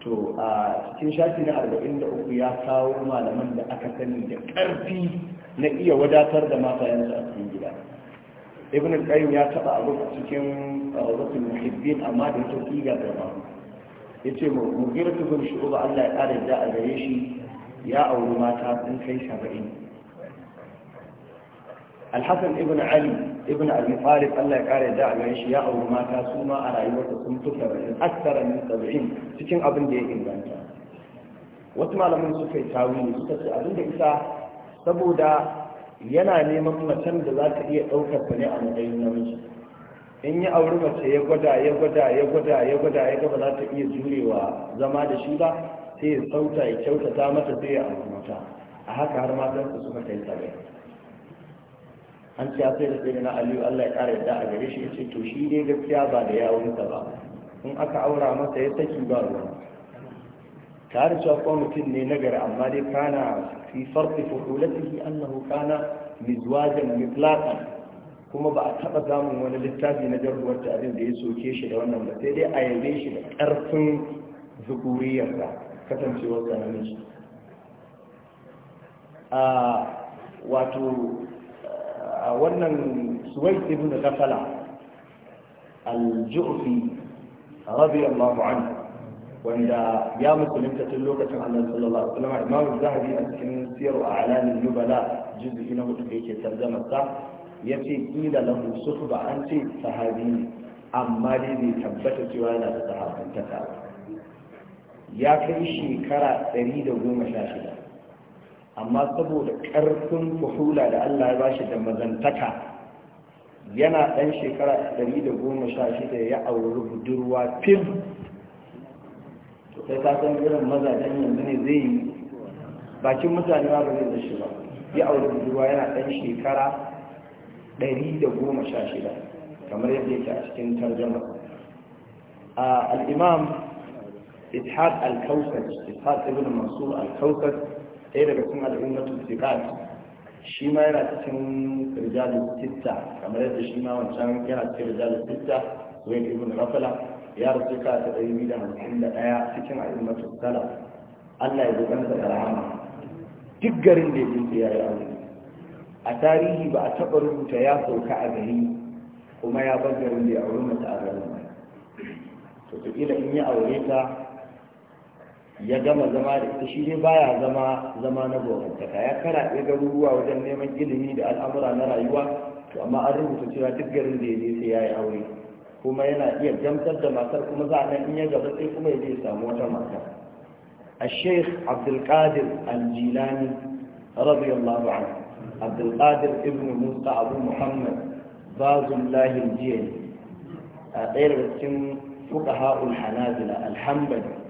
to a cikin shafi na 43 ya kawo malaman da aka sani da karfi na iya wadatar da matayensu a cikin gida ibn al-qayyim ya taba abu cikin rawdatul muhibbin amma da yake kiga da ba yace mughira ibn shu'ba Allah ya tsara yadda a gare shi ya auri mata sun kai saba'in alhassan ibn ali ibn Al-Mufarif, allah ya kare da a shi ya auri mata su ma a rayuwarsa sun fi saba'in aksara min saba'in cikin abin da ya inganta wasu malaman suka yi tawili suka ce abin da isa saboda yana neman macen da za ta iya ɗaukar ta ne a matsayin namiji in yi auri mace ya gwada ya gwada ya gwada ya gwada ya gaba za ta iya jurewa zama da shi ba sai ya sauta ya kyautata mata sai ya amfanta a haka har matansa suka kai sabai an ci sai da sai na aliyu allah ya kara yadda a gare shi ya ce to shi ne gaskiya ba da yawonsa ba in aka aura masa ya saki ba ruwa tare cewa kuma mutum ne nagari amma dai kana fi farfi fuhulatihi annahu kana mizwajan mitlaqan kuma ba a taba samun wani littafi na jarruwar abin da ya soke shi da wannan ba sai dai a yabe shi da karfin zukuriyarsa kasancewar ka namiji a wato a wannan suwai ibn kafala al-ju'fi radiyallahu anhu wanda ya musulunta tun lokacin Allah sallallahu alaihi wasallam Imam Zahabi a cikin siyar alamin nubala juz'i na hudu da yake tarjama sa ce kila lahu suhba an ce sahabi amma dai bai tabbata cewa yana da sahabantaka ya kai shekara 116 amma saboda ƙarfin fuhula da Allah ya bashi da mazantaka yana ɗan shekara 116 ya auri budurwa fim sai kasan san irin mazajen yanzu ne zai yi bakin mutane ba zai da shi ba ya auri budurwa yana ɗan shekara 116 kamar yadda yake a cikin tarjama al'imam ishaq al-kausar ishaq ibn mansur al-kausar ɗaya daga cikin al'ummatul siqat shi yana cikin rijalul sitta kamar yadda shi wancan yana cikin rijalul sitta zuwa ibn rafala ya rasu ka ta ɗari biyu da hamsin da ɗaya cikin al'ummatul sala Allah ya zuban da rahama duk garin da ya ji ya yi aure a tarihi ba a taɓa rubuta ya sauka a gari kuma ya da ya auri mata a garin to ta in ya aure ta ya gama zama da ita shi ne baya zama zama na gorantaka ya kara ɗaya garuruwa wajen neman ilimi da al'amura na rayuwa to amma an rubuta cewa duk garin da ya je sai ya yi aure kuma yana iya gamsar da matar kuma za a nan in ya gaba sai kuma ya je ya samu wata mata a sheikh abdulkadir aljilani radiyallahu anhu abdulkadir ibn musa abu muhammad bazullahi jiyani a ɗaya daga cikin fuqaha'ul hanabila alhambali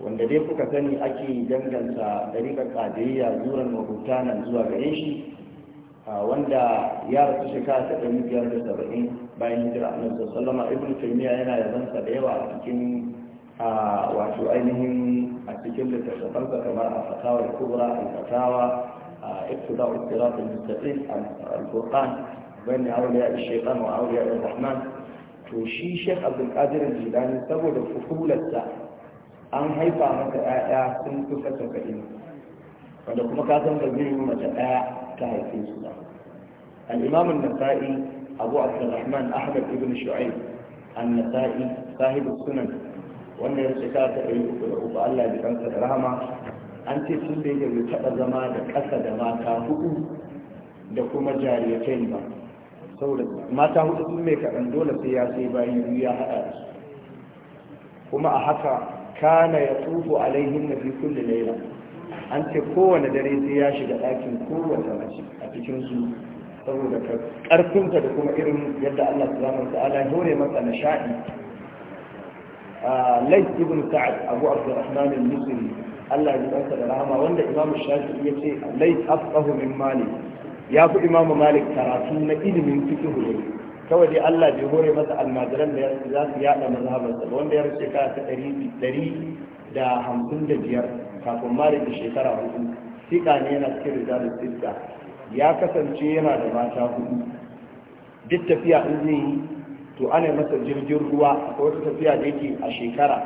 wanda dai kuka sani ake danganta ɗariƙar ƙadiriya zuran mahuta nan zuwa gare shi wanda ya rasu shekara ta ɗari biyar da saba'in bayan hijira annabi sallallahu alaihi wasallam ibnu taymiya yana yabansa da yawa a cikin wato ainihin a cikin littattafansa kamar a fatawa kubra al-fatawa ابتداء الصراط المستقيم القرآن بين أولياء الشيطان وأولياء Rahman. to shi shek abdulkadir jilani saboda fukularsa an haifa maka ƴaƴa sun kusa saba'in wanda kuma ka san ba zai mace ɗaya ta haife su ba al-imam an-nasa'i abu abdurrahman ahmad ibn shu'aib an-nasa'i sahibu sunan wannan ya shekara ta ɗari uku da uku Allah ya kansa da rahama an ce sun da yake taɓa zama da ƙasa da mata huɗu da kuma jariyatai ba saboda mata hudu sun mai kaɗan dole sai ya sai bayan biyu ya haɗa da su kuma a haka kana ya tufu alaihin na fi kulle laila an ce kowane dare sai ya shiga ɗakin kowace mace a cikin su saboda ƙarfinta da kuma irin yadda Allah subhanahu wa ta'ala hore masa nishaɗi Lais ibn Sa'ad Abu Abdurrahman al-Misri Allah ya da rahama wanda Imam Shafi'i ya ce Lais afqahu min Malik ya fi Imam Malik karatu na ilimin fiqh ne kawai dai Allah bai hore masa almajiran da za su yada mazhabarsa wanda ya rasu shekara ta ɗari da hamsin da biyar kafin mari da shekara hudu sika ne yana cikin rijalar sitta ya kasance yana da mata hudu duk tafiya in zai yi to ana masa jirgin ruwa akwai wata tafiya da yake a shekara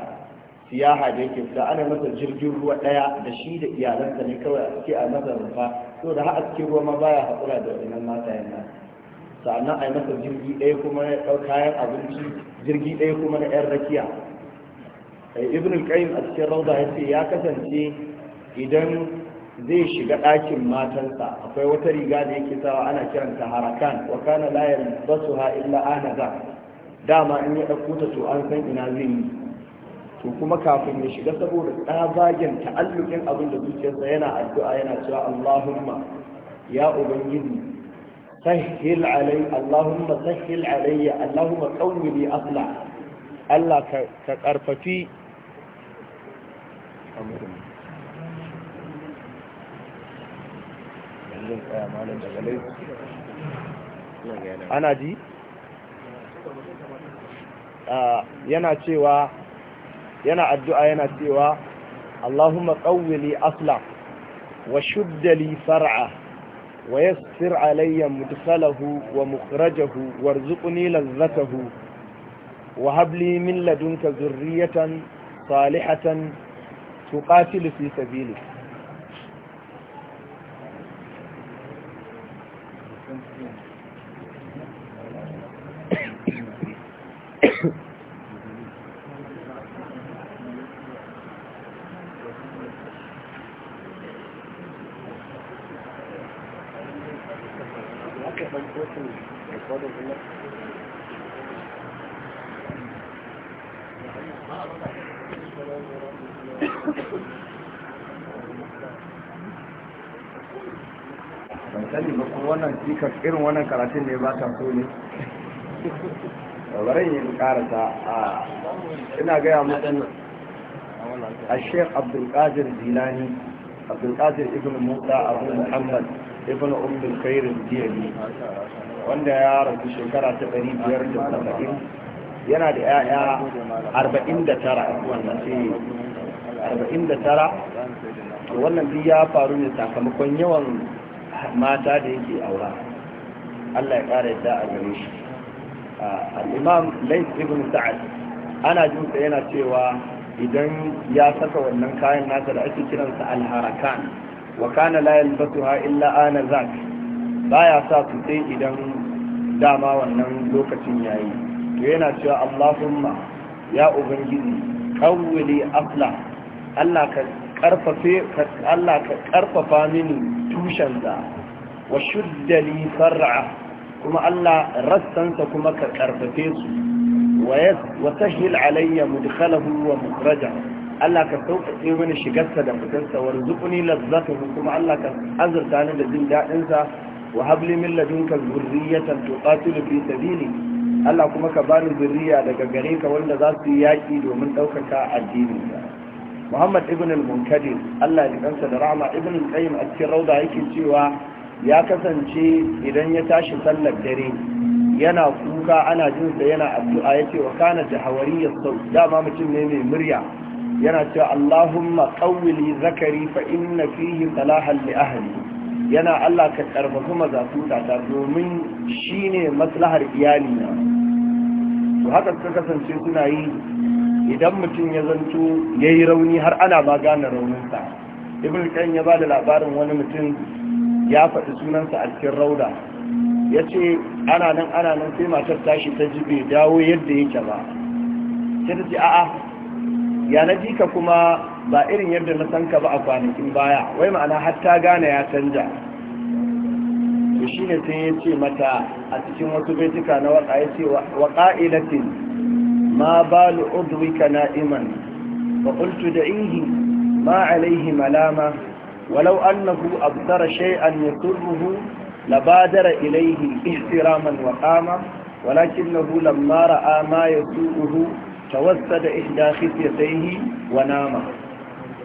siyaha da yake fita ana masa jirgin ruwa ɗaya da shi da iyalansa ne kawai a cikin a masa rufa to da har a cikin ruwa ma baya haƙura da waɗannan mata yana sannan a yi masa jirgi ɗaya kuma na kayan abinci jirgi ɗaya kuma na 'yan rakiya eh, ibn al a cikin rauza ya ce ya kasance idan zai shiga ɗakin matansa akwai wata riga da yake sawa ana kiranta harakan wa kana la yalbasuha illa anaza dama in ya ɗauko ta to an san ina zai yi to kuma kafin ya shiga saboda tsabagen ta'allukin abin da zuciyarsa yana addu'a yana cewa Allahumma ya ubangiji sahil alai Allahumma sahil alayya Allahumma qawmi afla Allah ka karfafi yana cewa yana addu'a yana cewa Allahumma qawwi li afla wa shudda wa yassir alayya mudkhalahu wa mukhrajahu warzuqni lazzatahu wa hab li min ladunka dhurriyatan salihatan tuqatilu fi sabili Thank you. ban sani ba kuma wannan cikas irin wannan karatun ne ba ta so ne ƙwararren yin karata a ina gaya mutum. a sheik abdulkadir zilani abdulkadir ibn musa abu muhammad ibn umar kairin diyali wanda ya rasu shekara ta 570 yana da 'ya'ya a wannan sai arba'in da tara wannan duk ya faru ne sakamakon yawan mata da yake aura Allah ya ƙara yadda a gare shi al'imam lai ibn sa'ad ana sa yana cewa idan ya saka wannan kayan nasa da ake kiransa alharakan wa kana la yalbasuha illa ana zak baya sa su sai idan dama wannan lokacin yayi to yana cewa Allahumma ya ubangiji kawwili afla. Allah ka karfafe Allah ka karfafa mini tushensa wa shudda li far'a kuma Allah rassansa kuma ka karfafe su wa yasahhil alayya mudkhalahu wa mukhrajahu Allah ka sauƙaƙe mini shigarsa da fitarsa wa rizquni lazzatahu kuma Allah ka azurta ni da jin daɗin sa wa habli min ladunka zurriyatan tuqatilu fi sabili Allah kuma ka bani zurriya daga gare ka wanda za su yi yaƙi domin ɗaukaka addinin ka muhammad ibn al-munkadir allah ya kansa da rahama ibn al-qayyim a cikin rauda yake cewa ya kasance idan ya tashi sallar dare yana kuka ana jin sa yana addu'a yace wa kana hawariya sau dama mutum ne mai murya yana cewa allahumma qawwili zakari fa inna fihi salahan li ahli yana allah ka karfafa mazafuta ta domin shine maslahar na. to haka suka kasance suna yi idan mutum ya zanto ya yi rauni har ana ba gane rauninsa ibn kan ya ba da labarin wani mutum ya faɗi sunansa a cikin rauda ya ce ana nan ana nan sai matar tashi ta ji bai dawo yadda yake ba sai ta ce a'a ya na jika kuma ba irin yadda na sanka ba a kwanakin baya wai ma'ana hatta ta gane ya canja to shine sai ya ce mata a cikin wasu baituka na waka ya ce wa ƙa'ilatin ma ba lu'udwika na'iman fa qultu da'ihi ma alayhi malama walau annahu shai'an shay'an yakurruhu labadara ilayhi ihtiraman wa qama walakinahu lamma ra'a ma yasu'uhu tawassada ihda khifyatayhi wa nama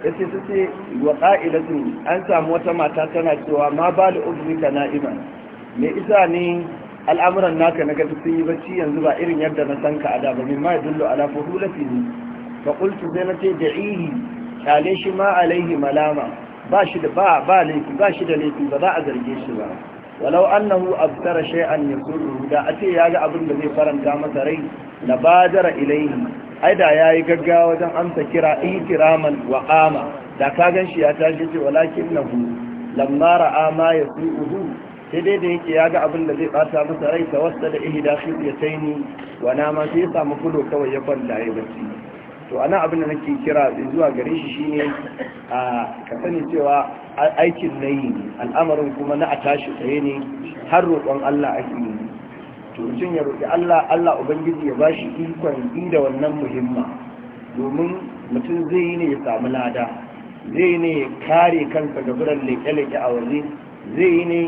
yace sai wa qa'ilatin an samu wata mata tana cewa ma ba lu'udwika na'iman me isa ne al'amuran naka na gaji sun yi bacci yanzu ba irin yadda na san ka a da ba ma dullo ala fuhulati ni fa qultu sai na ce ihi kale shi ma alaihi malama ba shi da ba ba laifi ba shi da laifi ba za a zarge shi ba walau annahu abtara shay'an yasurru da ace ya ga abin da zai faranta masa rai la badara ilaihi ai da yayi gaggawa wajen amsa kira ihtiraman wa qama da ka ganshi ya tashi ce nahu lamma ra'a ma yasuhu sai dai da yake ya ga abin da zai bata masa rai ta wasta da ihida shi ya taini wa na ma sai ya samu fulo kawai ya kwanta ya bacci to ana abin da nake kira zuwa gare shi shine a ka sani cewa aikin nayi ne al'amarin kuma na a tashi tsaye ne har roƙon Allah ake yi to mutum ya roƙi Allah Allah ubangiji ya ba shi ikon inda da wannan muhimma domin mutum zai yi ne ya samu lada zai ne kare kansa ga buran leke-leke a waje zai yi ne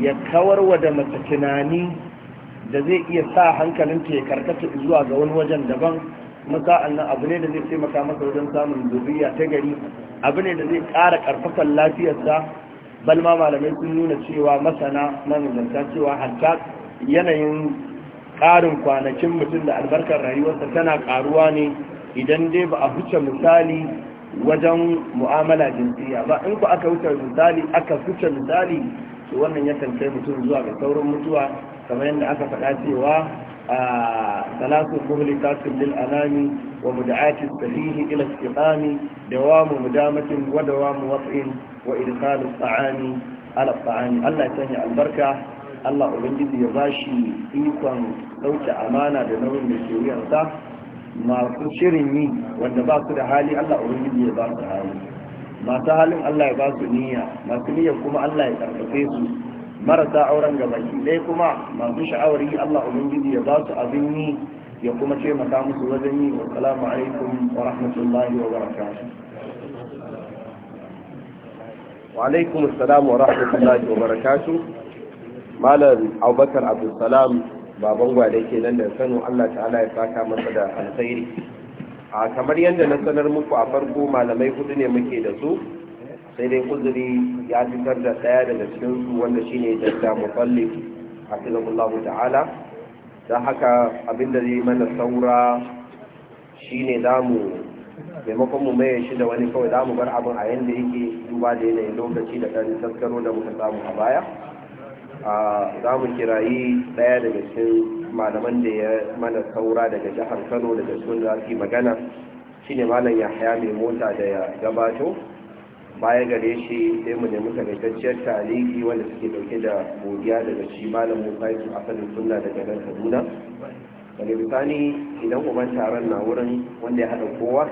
ya kawar wa da mace tunani da zai iya sa hankalinta ya karkata zuwa ga wani wajen daban masa'an annan, abu ne da zai taimaka masa wajen samun zuriya ta gari abu ne da zai ƙara ƙarfafan lafiyarsa balma malamai sun nuna cewa masana manzanta cewa hatta yanayin ƙarin kwanakin mutum da albarkar rayuwarsa tana ƙaruwa ne idan dai ba a huce misali wajen mu'amala jinsiya ba in ku aka huce misali aka huce misali to wannan yakan kai mutum zuwa ga saurin mutuwa kamar yadda aka faɗa cewa a salatu muhlikatu lil anami wa mud'ati sahihi ila istiqami dawamu mudamatin wa dawamu wat'in wa idkhalu ta'ami ala ta'ami Allah ya sanya albarka Allah ubangiji ya bashi ikon dauke amana da nauyin da ke wuyarsa masu shirin yi wanda ba su da hali Allah ubangiji ya ba su hali masu halin Allah ya ba su niyya masu niyyar kuma Allah ya karfafe su marasa auren gabaki ɗaya kuma masu sha'awar yi Allah ubangiji ya ba su abin yi ya kuma ce mata musu wajen yi wa salamu alaikum wa rahmatullahi wa barakatu. wa alaikum assalam wa rahmatullahi wa barakatu malam abubakar abdulsalam baban gwada ke nan da kano Allah ta'ala ya saka masa da alkhairi a kamar yadda na sanar muku a farko malamai hudu ne muke da su sai dai kuzuri ya fitar da ɗaya daga cikin su wanda shine jadda mufallif hafizahullahu ta'ala don haka da zai mana saura shine zamu maimakon mu maye shi da wani kawai zamu bar abin a yanda yake duba da yanayin lokaci da ɗan taskaro da muka samu a baya za mu kirayi ɗaya daga cikin malaman da ya mana saura daga jihar kano daga sun zafi magana shine malam yahaya mai mota da ya gabato baya gare shi sai mu nemi takaitacciyar tarihi wanda suke dauke da godiya daga shi malam musa asalin sunna daga nan kaduna daga bisani idan uban taron na wurin wanda ya haɗa kowa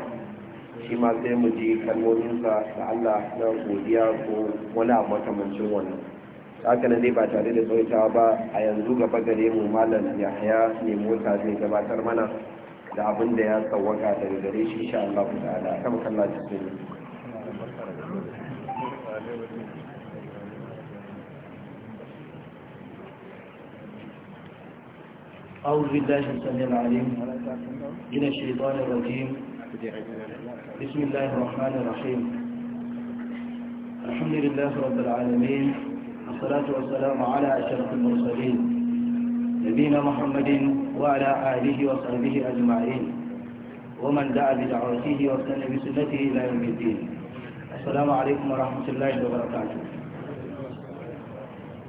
shi ma sai mu ji kalmominsa da allah na godiya ko wani abu makamancin wannan haka nan dai ba tare da tsawaitawa ba a yanzu gaba gare mu malam yahya ne mota zai gabatar mana da abin da ya tsawaka daga gare shi insha Allah ta'ala kama kallon cikin أعوذ بالله السميع العليم من الشيطان الرجيم بسم الله الرحمن الرحيم الحمد لله رب العالمين والصلاة والسلام على أشرف المرسلين نبينا محمد وعلى آله وصحبه أجمعين ومن دعا بدعوته واستنى بسنته إلى يوم الدين السلام عليكم ورحمة الله وبركاته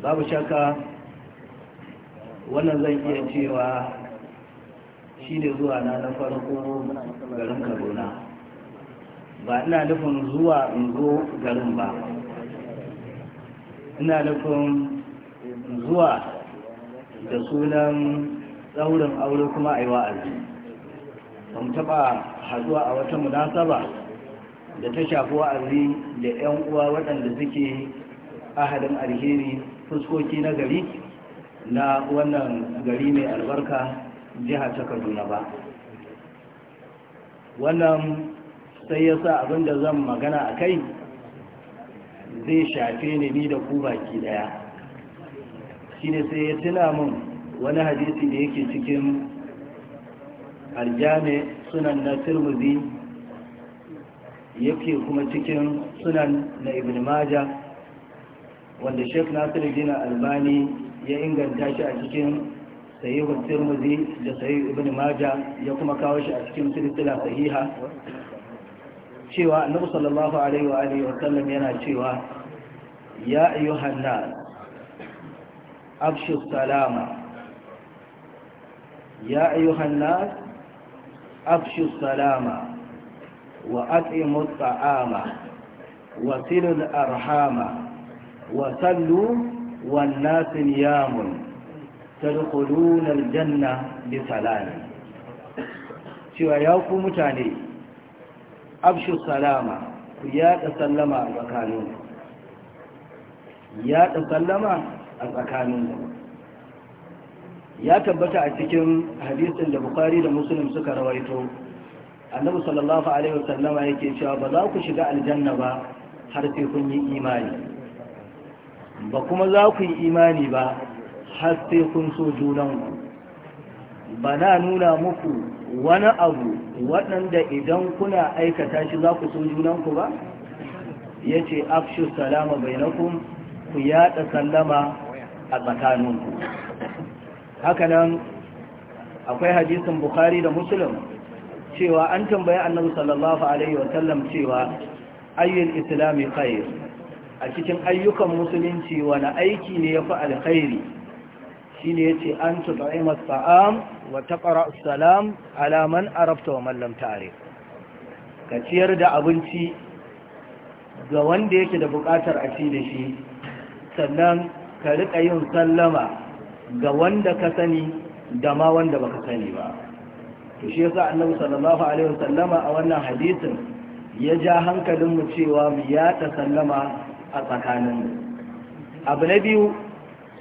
باب شكا wannan zan iya cewa shi ne zuwa na na farko garin kaduna ba ina nufin zuwa in zo garin ba ina nufin zuwa da sunan tsaurin aure kuma a yi wa'azi ban taɓa haɗuwa a wata munasaba da ta shafi wa'azi da 'yan uwa waɗanda suke ahadin alheri fuskoki na gari na wannan gari mai albarka jiha ta kaduna ba wannan sai ya sa abinda zan magana a kai zai shafe ni ni da ku baki daya ne sai ya tuna min wani hadisi da yake cikin aljami sunan na tirmidhi yake kuma cikin sunan na ibn maja wanda sheikh nasiruddin albani ya inganta shi a cikin sahihul tirmidhi da sahih ibn maja ya kuma kawo shi a cikin silsila sahiha cewa annabi sallallahu alaihi wa alihi wa sallam yana cewa ya ayyuhan nas afshu salama ya ayyuhan nas afshu salama wa at'imu at'ama wa silu arhama wa sallu wan nas niyamun tadkhuluna aljanna bi salam cewa ya ku mutane abshu salama ku yaɗa sallama a tsakanin yaɗa sallama a tsakanin ya tabbata a cikin hadisin da bukari da musulun suka rawaito annabi sallallahu alaihi wasallama yake cewa ba za ku shiga aljanna ba har sai kun yi imani ba kuma za ku yi imani ba har sai kun so junanku ba na nuna muku wani abu waɗanda idan kuna aikata shi za ku so junanku ba ya ce afshu salama bainakum ku yada sallama a tsakaninku hakanan akwai hadisin bukhari da musulun cewa an tambaya annabi sallallahu alaihi wa sallam cewa ayyul islami khair a cikin ayyukan musulunci wani aiki ne ya fi alkhairi ya ce an masu ta'am wa taqra salam ala arafta wa man lam ka ciyar da abinci ga wanda yake da buƙatar a ci da shi sannan ka riƙa yin sallama ga wanda ka sani da ma wanda baka sani ba to shi yasa annabi sallallahu alaihi a wannan hadisin ya ja hankalin mu cewa mu yaɗa sallama a tsakanin abu na biyu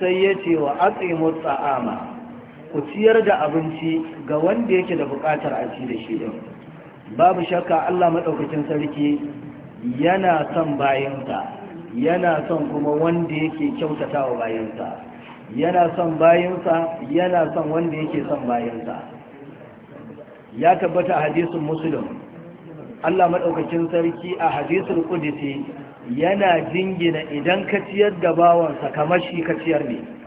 sai ya ce wa atsimu tsa'ama ku ciyar da abinci ga wanda yake da buƙatar a ci da shi din babu shakka Allah madaukakin sarki yana son bayansa. yana son kuma wanda yake kyautatawa bayansa. yana son bayansa. yana son wanda yake son bayansa. ya tabbata a hadisin muslim Allah maɗaukacin sarki a hadisul qudsi yana jingina idan ka ciyar da bawansa kamar shi ka ciyar ne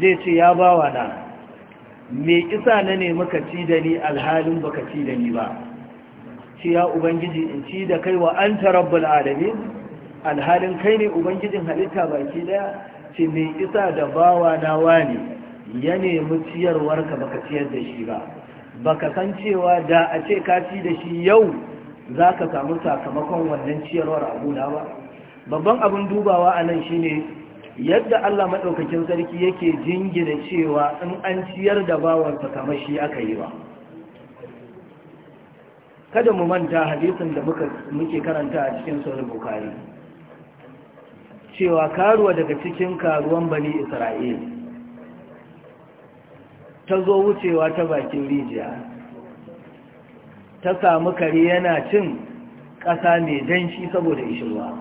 zai ce ya ba wa na me kisa na ne maka ci da ni alhalin baka ci da ni ba ce ya ubangiji in ci da kai wa an ta rabbul alamin alhalin kai ne ubangijin halitta baki daya ce me kisa da ba wa na wani ya nemi ciyarwarka baka ciyar da shi ba baka san cewa da a ce ka ci da shi yau za ka samu sakamakon wannan ciyarwar abuna ba babban abin dubawa a nan shi ne. yadda Allah maɗaukakin sarki yake jingina cewa in an ciyar da bawarsa kamar shi aka yi ba kada mu manta hadisin da muke karanta a cikin sunan bukari cewa karuwa daga cikin karuwan bani isra'il ta zo wucewa ta bakin rijiya ta samu kare yana cin ƙasa mai danshi saboda ishirwa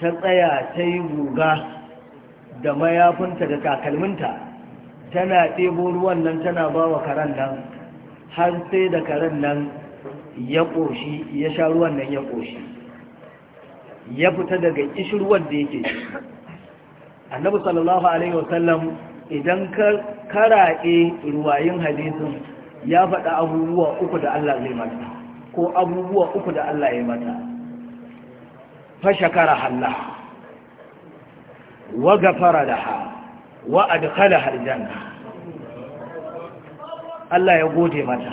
ta tsaya ta yi guga da mayafinta da takalminta tana ɗebo ruwan nan tana ba wa karen nan har sai da karen nan ya ƙoshi ya sha ruwan nan ya ƙoshi ya fita daga ƙishirwar da yake annabi sallallahu alaihi wasallam idan karaɗe ruwayin hadisun ya faɗa abubuwa uku da Allah zai mata ko abubuwa uku da Allah ya mata fashakara Allah wa gafara laha wa adkhalaha aljanna Allah ya gode mata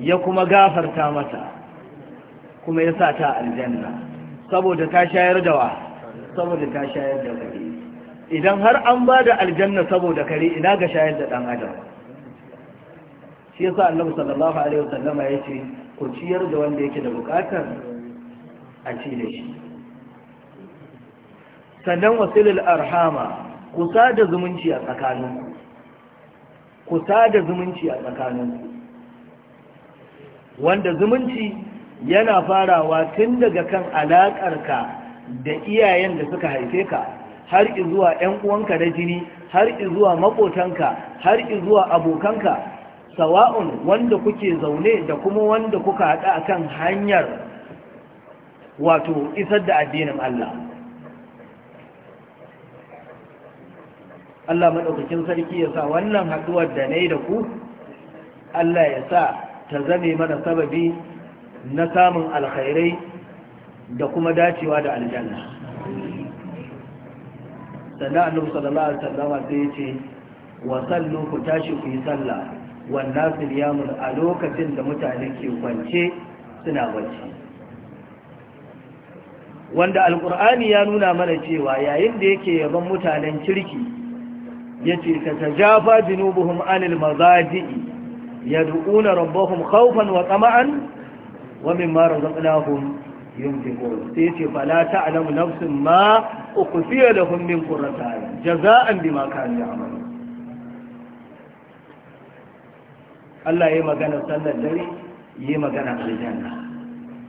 ya kuma gafarta mata kuma ya sa ta aljanna saboda ta shayar da wa saboda ta shayar da kare idan har an ba da aljanna saboda kare ina ga shayar da dan adam shi yasa Allah sallallahu alaihi wasallama yace ku ciyar da wanda yake da bukatar a ci da shi sannan wasilil arhama ku sada zumunci a tsakaninku ku sada zumunci a tsakaninku wanda zumunci yana farawa tun daga kan alaƙarka da iyayen da suka haife ka har zuwa 'yan uwanka da jini har zuwa maƙotanka har zuwa abokanka sawa'un wanda kuke zaune da kuma wanda kuka haɗa kan hanyar wato isar da addinin Allah Allah maɗaukakin sarki ya sa wannan haɗuwar da na da ku Allah ya sa ta zame mana sababi na samun alkhairai da kuma dacewa da aljanna sannan annabi sallallahu alaihi wasallam sai ya ce wa sallu ku tashi ku yi sallah wannan siryamun a lokacin da mutane ke kwance suna bacci wanda alkur'ani ya nuna mana cewa yayin da yake yaban mutanen kirki Ya ce yace tatajafa junubuhum anil mazaji yad'una rabbahum khawfan wa tama'an wa mimma razaqnahum yunfiqun sai yace fala ta'lamu nafsun ma ukhfiya lahum min qurrati ayun jaza'an bima kanu ya'malun Allah ya yi magana sannan dare ya yi magana aljanna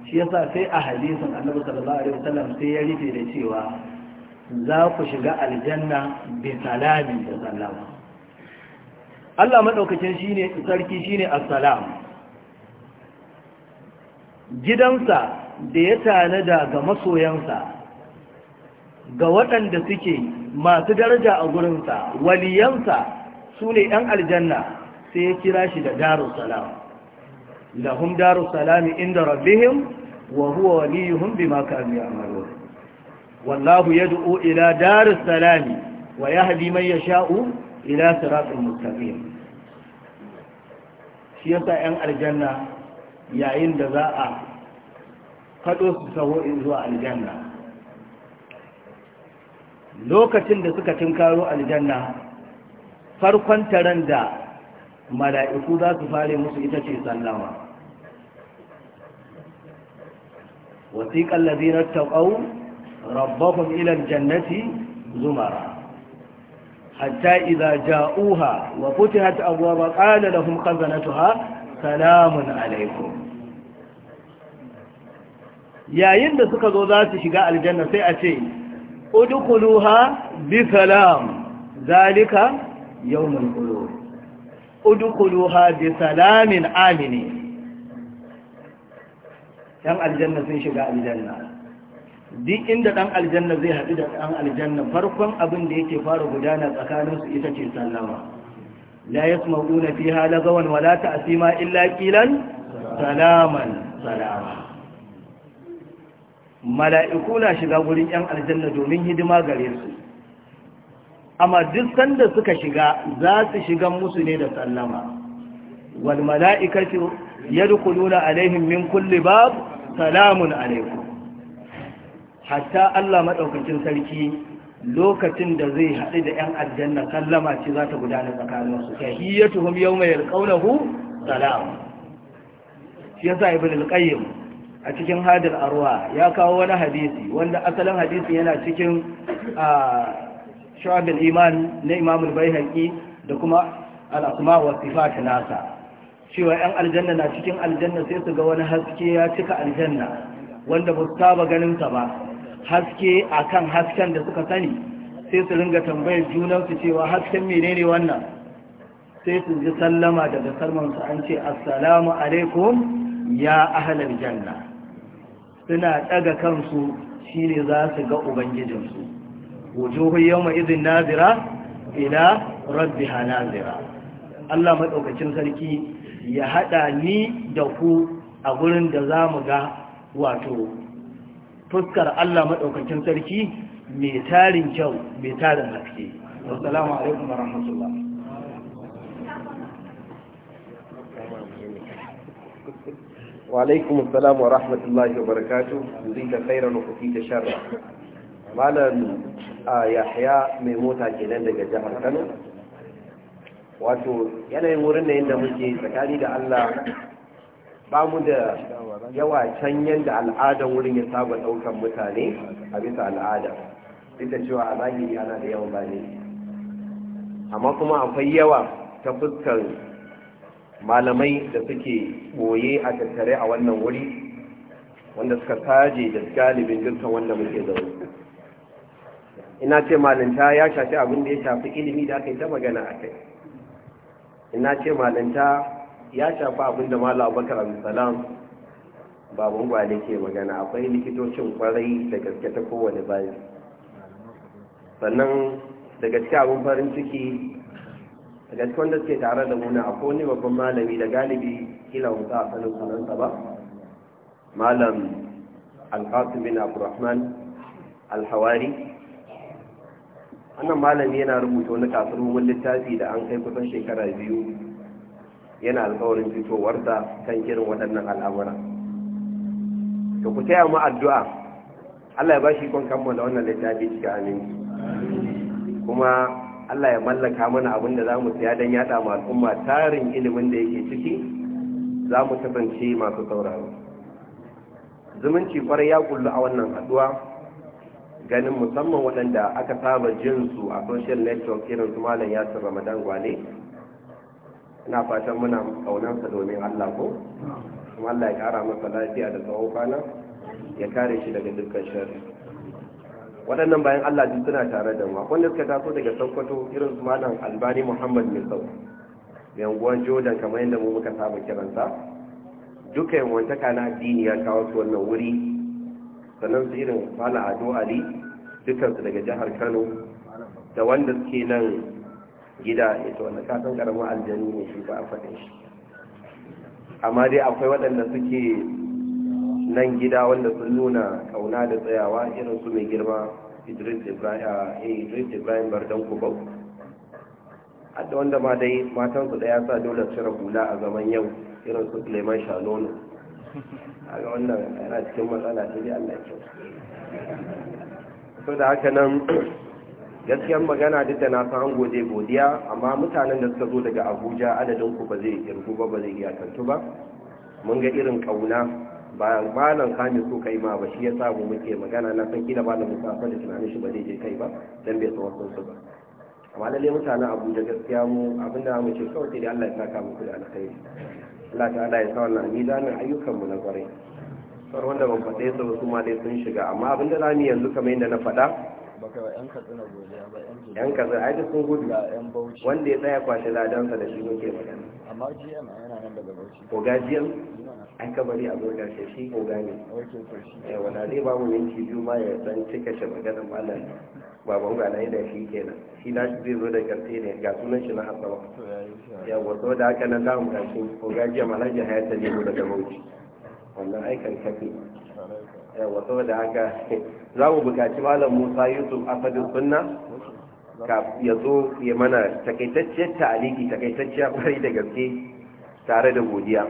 shi yasa sai a hadisin Annabi sallallahu alaihi wasallam sai ya rufe da cewa za ku shiga aljanna bi salami da sallama Allah maɗaukacin shi ne sarki shi ne assalam gidansa da ya tanada ga masoyansa ga waɗanda suke masu daraja a gurinsa waliyansa su ne ‘yan aljanna sai ya kira shi da darussalam lahum darussalami inda rabbihim wa huwa waliyuhum bima kanu ya'malun wallahu yad'u ila daris salami wa yahdi man yasha'u ila siratal mustaqim shi yasa yan aljanna yayin da za a kado su saho zuwa aljanna lokacin da suka tinkaro aljanna farkon taron da mala'iku za su fare musu ita ce sallama wasiƙan lazinar taƙau Rabbakun ila jannati zumara hatta idza uha wa futihat abwaaba qala lahum khazanatuha salamun alaikum yayin da suka zo za su shiga aljanna sai a ce udkhuluha bi salam zalika yawmul qulub udkhuluha bi salamin amini yan aljanna sun shiga aljanna duk inda ɗan aljanna zai haɗu da ɗan aljanna farkon abin da yake fara gudana tsakaninsu ita ce sallama la yasma'una fiha lagawan wala ta'sima illa qilan salaman salama mala'iku na shiga wurin ‘yan aljanna domin hidima gare su amma duk sanda suka shiga za su shiga musu ne da sallama wal mala'ikatu yadkhuluna alaihim min kulli bab salamun alaikum hatta Allah maɗaukacin sarki lokacin da zai haɗu da ‘yan aljanna kallama ce za ta gudana tsakaninsu ta hiyyatuhum yau mai alƙaunahu salam shi yasa ibn al-qayyim a cikin hadar arwa ya kawo wani hadisi wanda asalin hadisin yana cikin al iman na imam al da kuma al-asma wa sifat nasa cewa ‘yan aljanna na cikin aljanna sai su ga wani haske ya cika aljanna wanda ba su saba ganinsa ba haske a kan hasken da suka sani sai su ringa tambayar junansu cewa hasken menene wannan sai su ji sallama daga su an ce assalamu alaikum ya ahalar janna suna ɗaga kansu shine za su ga ubangijinsu wujuhu yawma izin nazira ila rabbiha nazira Allah madaukakin sarki ya haɗa ni da ku a gurin da za mu ga wato fuskar Allah maɗaukakin sarki mai tarin kyau mai tarin haske wassalamu alaikum wa wa alaikum assalam wa rahmatullahi wa ka zika khairan kufi ta sharra malam yahya mai mota kenan daga jihar Kano wato yanayin wurin da yadda muke tsakani da Allah ba mu da yawa can yadda al'adar wurin ya saba daukan mutane a bisa al'ada duk da cewa a zahiri ana da yawan bane amma kuma akwai yawa ta fuskar malamai da suke ɓoye a tattare a wannan wuri wanda suka saje da galibin dukkan wanda muke zaune ina ce malinta ya shafi abin da ya shafi ilimi da aka yi ta magana a kai ina ce malinta ya shafi abin da mala abubakar ba baban gwale ke magana akwai likitocin kwarai da gaske ta kowane bayan sannan da gaske abin farin ciki da gaske wanda suke tare da muna akwai wani babban malami da galibi kila wuta a sanin sunansa ba malam alkasim bin abdurrahman alhawari wannan malami yana rubuta wani kasuwar littafi da an kai kusan shekara biyu yana alkawarin fitowarsa kan irin waɗannan al'amura to ku taya mu addu'a Allah ya ba shi kon kammala wannan littafi cikin aminci kuma Allah ya mallaka mana abin da za mu siya don yada ma al'umma tarin ilimin da yake ciki za mu kasance masu sauraro zumunci kwarai ya kullu a wannan haɗuwa ganin musamman waɗanda aka saba jinsu a social network irin su malam yasir ramadan gwale ina fatan muna kaunansa domin Allah ko kuma Allah ya kara masa lafiya da tsawon kwana ya kare shi daga dukkan shari'a. waɗannan bayan Allah duk suna tare da mu akwai suka taso daga Sokoto irin su malam Albani Muhammad sau mai unguwan Jordan kamar yadda mu muka saba kiransa duka yin wantaka na addini ya kawo su wannan wuri sannan su irin Malam Ado Ali dukansu daga jihar Kano da wanda suke nan gida ita wanda ka san aljanu ne shi ba a faɗin shi amma dai akwai waɗanda suke nan gida wanda sun nuna kauna da tsayawa irin su mai girma eh, idris ibrahim bardan kubau hadda wanda ma dai matansu da ya sa dole cire hula a zaman yau irin su suleiman shanono a ga wannan yana cikin matsala ta ji allah kyau so da haka nan gaskiyar magana duk da na san an gode godiya amma mutanen da suka zo daga abuja adadin ku ba zai kirgu ba ba zai iyakantu ba mun ga irin kauna ba malam kame so kai ma ba shi ya samu muke magana na san kila malam musafa da tunanin shi ba zai je kai ba dan bai tsawon sun su ba amma lalle mutanen abuja gaskiya mu abinda mu ce kawai sai dai Allah ya saka muku da alkhairi Allah ta'ala ya sa wannan mizanin ayyukan mu na kwarai sauran wanda ban faɗe su su ma dai sun shiga amma abinda zamu yanzu kamar yadda na faɗa yan katsina godiya ba yan katsina ai sun gudu wanda ya tsaya kwashe ladansa da shi muke magana amma gm yana nan daga bauchi ko gm an ka bari a gurgar shi shi ko gane eh wala zai ba mu minti biyu ma ya dan cika shi magana mallam baban gana da shi kenan shi na shi zai zo da karshe ne ga sunan shi na hasaba ya wato da haka na za mu ko ga gm alhaji hayata ne daga bauchi wannan aikan kafi da haka za mu bukaci malam musa yusuf asadin sunna ya zo ya mana takaitacciyar ta'aliki takaitacciyar kwarai da gaske tare da godiya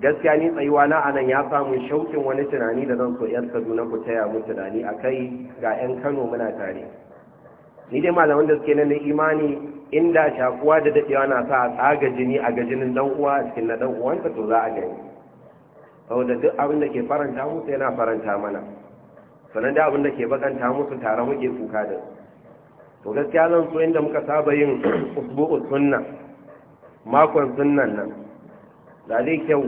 gaskiya ni tsayuwa na anan ya samu shaukin wani tunani da zan so yan kaduna ku taya mu tunani a kai ga yan kano muna tare ni dai malaman da suke nan da imani inda shakuwa da daɗewa na sa a tsaga jini a gajinin dan uwa cikin na dan to za a gani saboda duk abin da ke faranta musu yana faranta mana sannan da abin da ke bakanta musu tare muke kuka da to gaskiya zan so inda muka saba yin usbu'u sunna makon sunnan nan da zai kyau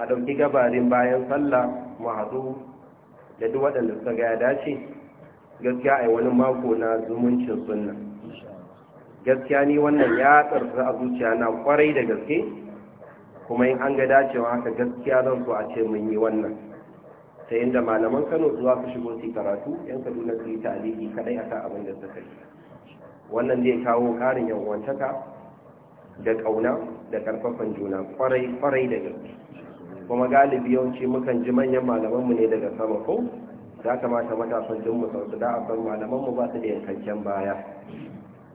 a ɗauki gabarin bayan sallah mu haɗu da duk waɗanda suka ga ya dace gaskiya a wani mako na zumuncin sunna gaskiya ni wannan ya tsarsa a zuciya na kwarai da gaske kuma in an ga dacewa haka gaskiya zan so a ce mun yi wannan ta yadda malaman kano zuwa su shigo su karatu yan kaduna su yi taliki kadai akan abin da suka yi wannan zai kawo karin yanwantaka da kauna da karfafan juna kwarai kwarai da gaske kuma galibi yawanci mukan ji manyan malamanmu ne daga sama ko ya kamata matasan jin mu su da abin malamanmu ba su da yankakken baya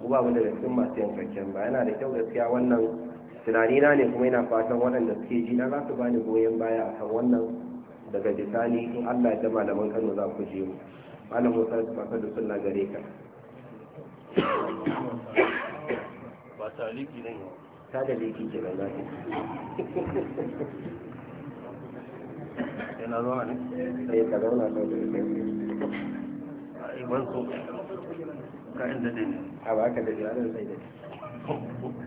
mu ba mu daga cikin masu yankakken baya yana da kyau gaskiya wannan tunanina ne kuma yana fatan waɗanda suke ji na za su bani goyon baya a kan wannan daga bisani in allah ya malaman kano za ku je mu malam musa masu da sunna ka ba ne a ba ka da jiragen sai ne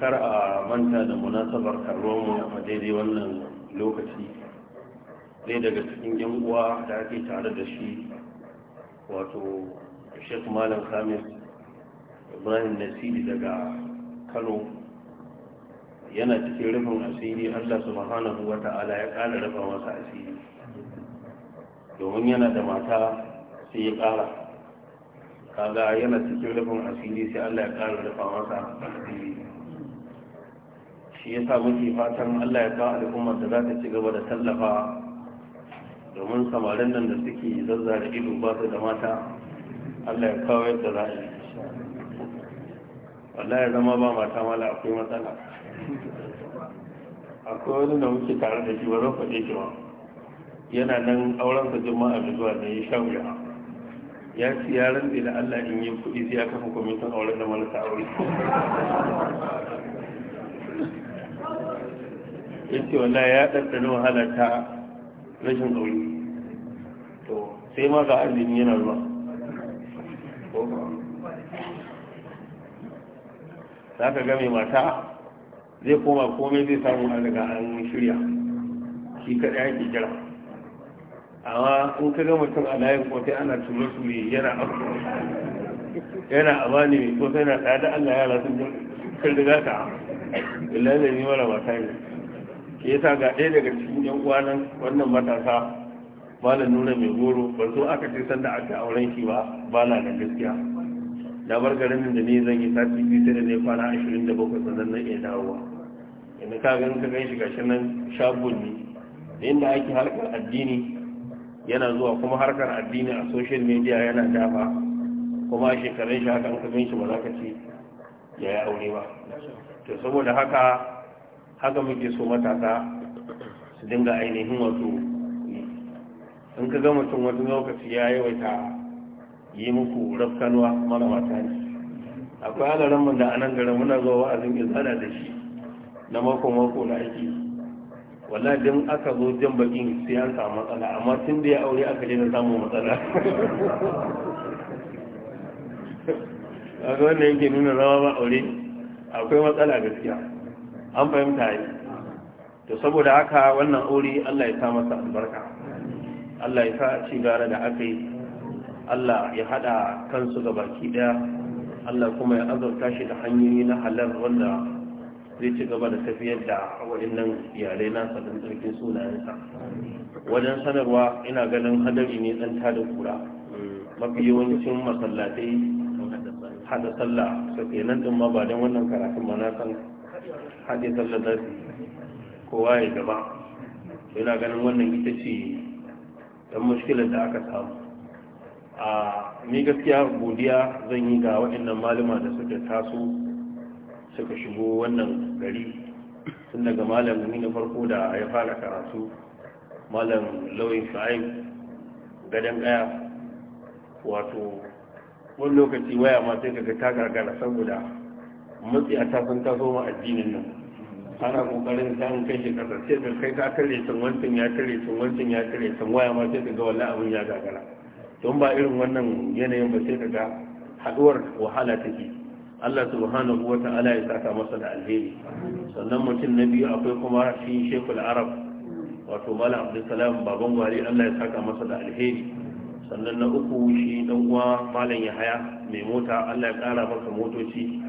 kar a manta da munasabar mu a daidai wannan lokaci ɗaya daga cikin yan uwa da ake tare da shi wato sheikh malam khamis ibrahim nasiri daga kano yana cikin rufin asiri allah subhanahu wa ta'ala ya ƙara rufa masa asiri domin yana da mata sai ya ƙara kaga yana cikin rufin asiri sai allah ya ƙara rufa masa asiri shi ya sa muke fatan allah ya ba al'ummar da za ta ci gaba da tallafa domin samarin nan da suke da ido ba su da mata allah ya kawo yadda za a yi wallahi zama ba mata mala akwai matsala akwai wani da muke tare da shi ba zan faɗe shi yana nan auren sa juma'a da zuwa da ya sha wuya ya ci yaran da Allah in yi kuɗi sai ya kafa kwamitin auren da marasa aure ya ce wallahi ya ɗanɗana wahala ta rashin ƙauri to sai ma ga azumi yana zuwa za ka game mata zai koma komai zai samu a daga an shirya shi kaɗa ke jira amma in ka ga mutum a layin kotai ana turo su ne yana abu yana bani mai kotai na tsada allah yara sun jirgin kirgin ka ilalai ne mara mata ne ke yasa ga ɗaya daga cikin yan uwanan wannan matasa malam nuna mai goro ban zo aka ce sanda aka auren shi ba ba na da gaskiya na bar garin da ne zan yi sati biyu da ne kwana ashirin da bakwai sannan na iya dawowa yanzu ka ga ka gan shi gashi nan shagon ne inda ake harkar addini yana zuwa kuma harkar addini a social media yana dafa kuma a shekarun shi haka an ka gan shi ba za ka ce ya yi aure ba to saboda haka haka muke so matasa su dinga ainihin wato in ka ga mutum wani lokaci ya yawaita yi muku rafkanwa mara mata ne akwai alaran mun da a nan garin muna zuwa wa'azin izada da shi na mako mako na aiki wala don aka zo jan bakin sai an samu matsala amma tun da ya aure aka je na samun matsala a ga wanda yake nuna rawa ba aure akwai matsala gaskiya an fahimta yi to saboda haka wannan aure Allah ya sa masa albarka Allah ya sa ci gara da aka yi Allah ya hada kansu ga baki daya Allah kuma ya azurta shi da hanyoyi na halar wanda zai ci gaba da tafiyar da waɗannan iyalai nasa don tsarkin sunayensa wajen sanarwa ina ganin hadari ne ɗan tada kura mafi yawancin masallatai hada sallah sake nan ɗin ma ba don wannan karatun ma na san haɗe sallar kowa ya gaba yana ganin wannan ita ce don mashkilar da aka samu a ni gaskiya godiya zan yi ga waɗannan malama da suka taso suka shigo wannan gari tun daga malami na farko da ya fara karatu malam lauyin sha'ib gadon ɗaya wato wani lokaci waya ma sai ka ga ta gargara saboda matsi a tafin taso ma addinin nan ana kokarin samun kai shi kasa sai da kai ka tare sun wancan ya tare sun wancan ya tare sun waya ma sai ka ga wallahi abin ya gagara don ba irin wannan yanayin ba sai ka ga haduwar wahala take Allah subhanahu wa ta'ala ya saka masa da alheri sannan mutum na biyu akwai kuma shi shekul arab wato mala abdulsalam baban gwari Allah ya saka masa da alheri sannan na uku shi dan uwa malam yahaya mai mota Allah ya kara masa motoci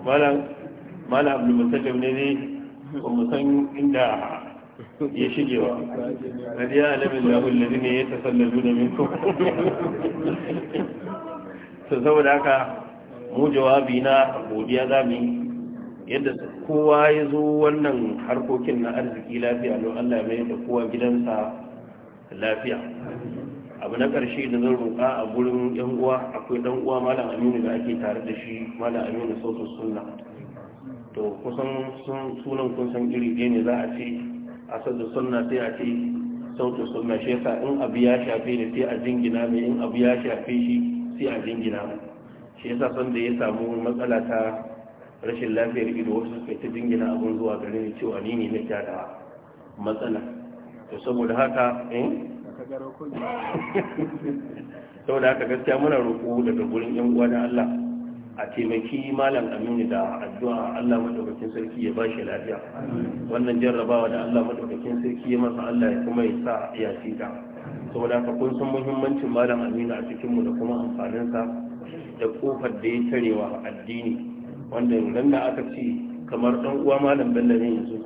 malam abu ne ne ba mu inda ya shige wa radiya alamin da ne ya tasallalu da minkum to saboda haka mu jawabi na godiya za mu yadda kowa ya zo wannan harkokin na arziki lafiya don Allah mai da kowa gidansa lafiya abu na ƙarshe da zan roƙa a gurin yan uwa akwai dan uwa malam aminu da ake tare da shi malam aminu sautin sunna to kusan sunan kun san iri ɗaya ne za a ce a sadu sunna sai a ce sautin sunna shi yasa in abu ya shafe ne sai a jingina mai in abu ya shafe shi sai a jingina mai shi yasa san da ya samu matsala ta rashin lafiyar ido wasu suka ta jingina abin zuwa gare ni cewa ni ne na da matsala to saboda haka in eh? saboda haka gaskiya muna roƙo daga gurin yan uwa da Allah a taimaki malam aminu da addu'a Allah madaukakin sarki ya bashi lafiya wannan jarrabawa da Allah madaukakin sarki ya masa Allah ya kuma ya sa ya ta saboda haka kun san muhimmancin malam aminu a cikin mu da kuma amfaninsa da kofar da ya tarewa addini wanda nan da aka ce kamar dan uwa malam bello ne yanzu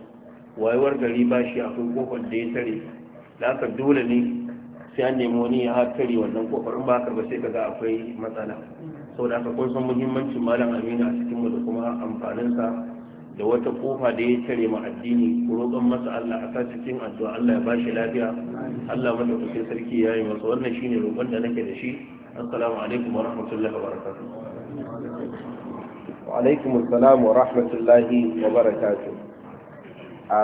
wayewar gari ba shi akwai kofar da ya tare da aka dole ne sai an nemi wani ya hakari wannan kofarin in ba karba ba sai kaga akwai matsala saboda haka kun san muhimmancin malam amina a cikin mu da kuma amfaninsa da wata kofa da ya tare ma addini roƙon masa Allah a sa cikin addu'a Allah ya bashi lafiya Allah kuke sarki ya yi masa wannan shine roƙon da nake da shi assalamu alaikum wa rahmatullahi wa barakatuh wa alaikum assalam wa rahmatullahi wa barakatuh a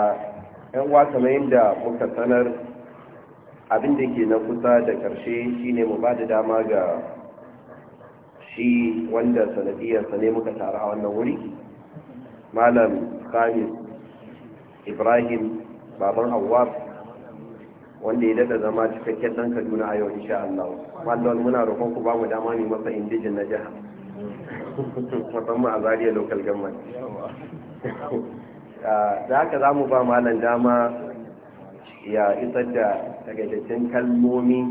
yan wa kamar yadda muka sanar abin da ke na kusa da ƙarshe shine mu ba da dama ga shi wanda sanadiyarsa ne muka tara a wannan wuri malam khamis ibrahim baban awwab wanda ya daga zama cikakken ɗan kaduna a yau insha Allah wallon muna roƙon ku ba mu dama ne masa indijin na jiha musamman a zariya local government ah, da haka za mu ba malam dama ya isar da tagaitaccen kalmomi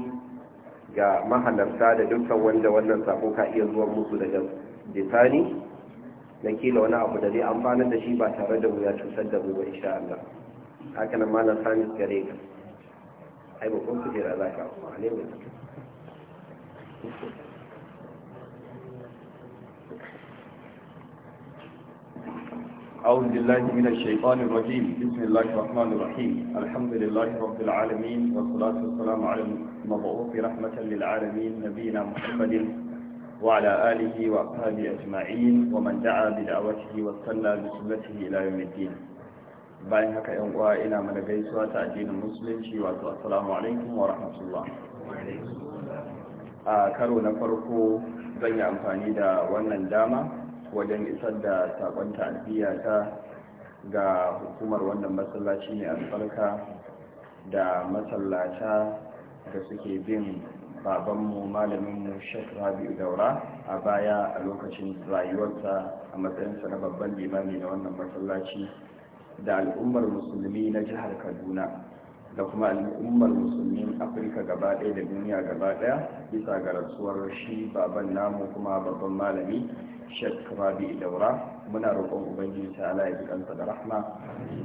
ga mahalarta da dukkan wanda wannan sako ka iya zuwa musu daga bisani na kila wani abu da zai amfanar da shi ba tare da mu ya cutar da mu ba insha Allah haka nan malam Samis gare ka ai ba kun kujera za ka amma ne mai أعوذ بالله من الشيطان الرجيم بسم الله الرحمن الرحيم الحمد لله رب العالمين والصلاة والسلام على المبعوث رحمة للعالمين نبينا محمد وعلى آله وأصحابه أجمعين ومن دعا بدعوته واستنى بسنته إلى يوم الدين bayan haka yan uwa ina mana gaisuwa ta addinin musulunci wato assalamu alaikum wa rahmatullah a karo na farko zan yi amfani da wannan dama wajen isar da sakon ta'adiyya ta ga hukumar wannan masallaci ne albarka da masallata da suke bin babanmu malaminmu shek rabi'u daura a baya a lokacin rayuwarsa a matsayinsa na babban limami na wannan masallaci da al'ummar musulmi na jihar kaduna da kuma al'ummar musulmin afirka gaba ɗaya da duniya gaba ɗaya bisa ga rasuwar shi baban namu kuma babban malami shek bi daura muna roƙon ubangiji ta'ala ya fi kansa da rahma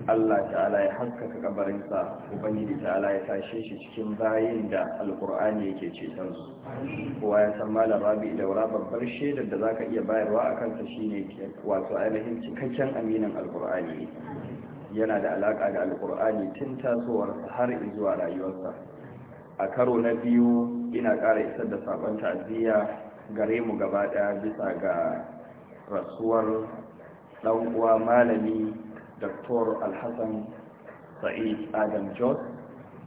Allah ta'ala ya haskaka kabarinsa ubangiji ta'ala ya tashe shi cikin bayin da alkur'ani yake ceton su kowa ya san malam rabi daura babbar shaidar da za ka iya bayarwa a kansa shi ne wato ainihin cikakken aminin alkur'ani yana da alaƙa da alkur'ani tun tasowarsa har zuwa rayuwarsa a karo na biyu ina ƙara isar da sabon ta'aziyya gare mu gaba daya bisa ga rasuwar dan uwa malami dr alhassan sa'id adam jos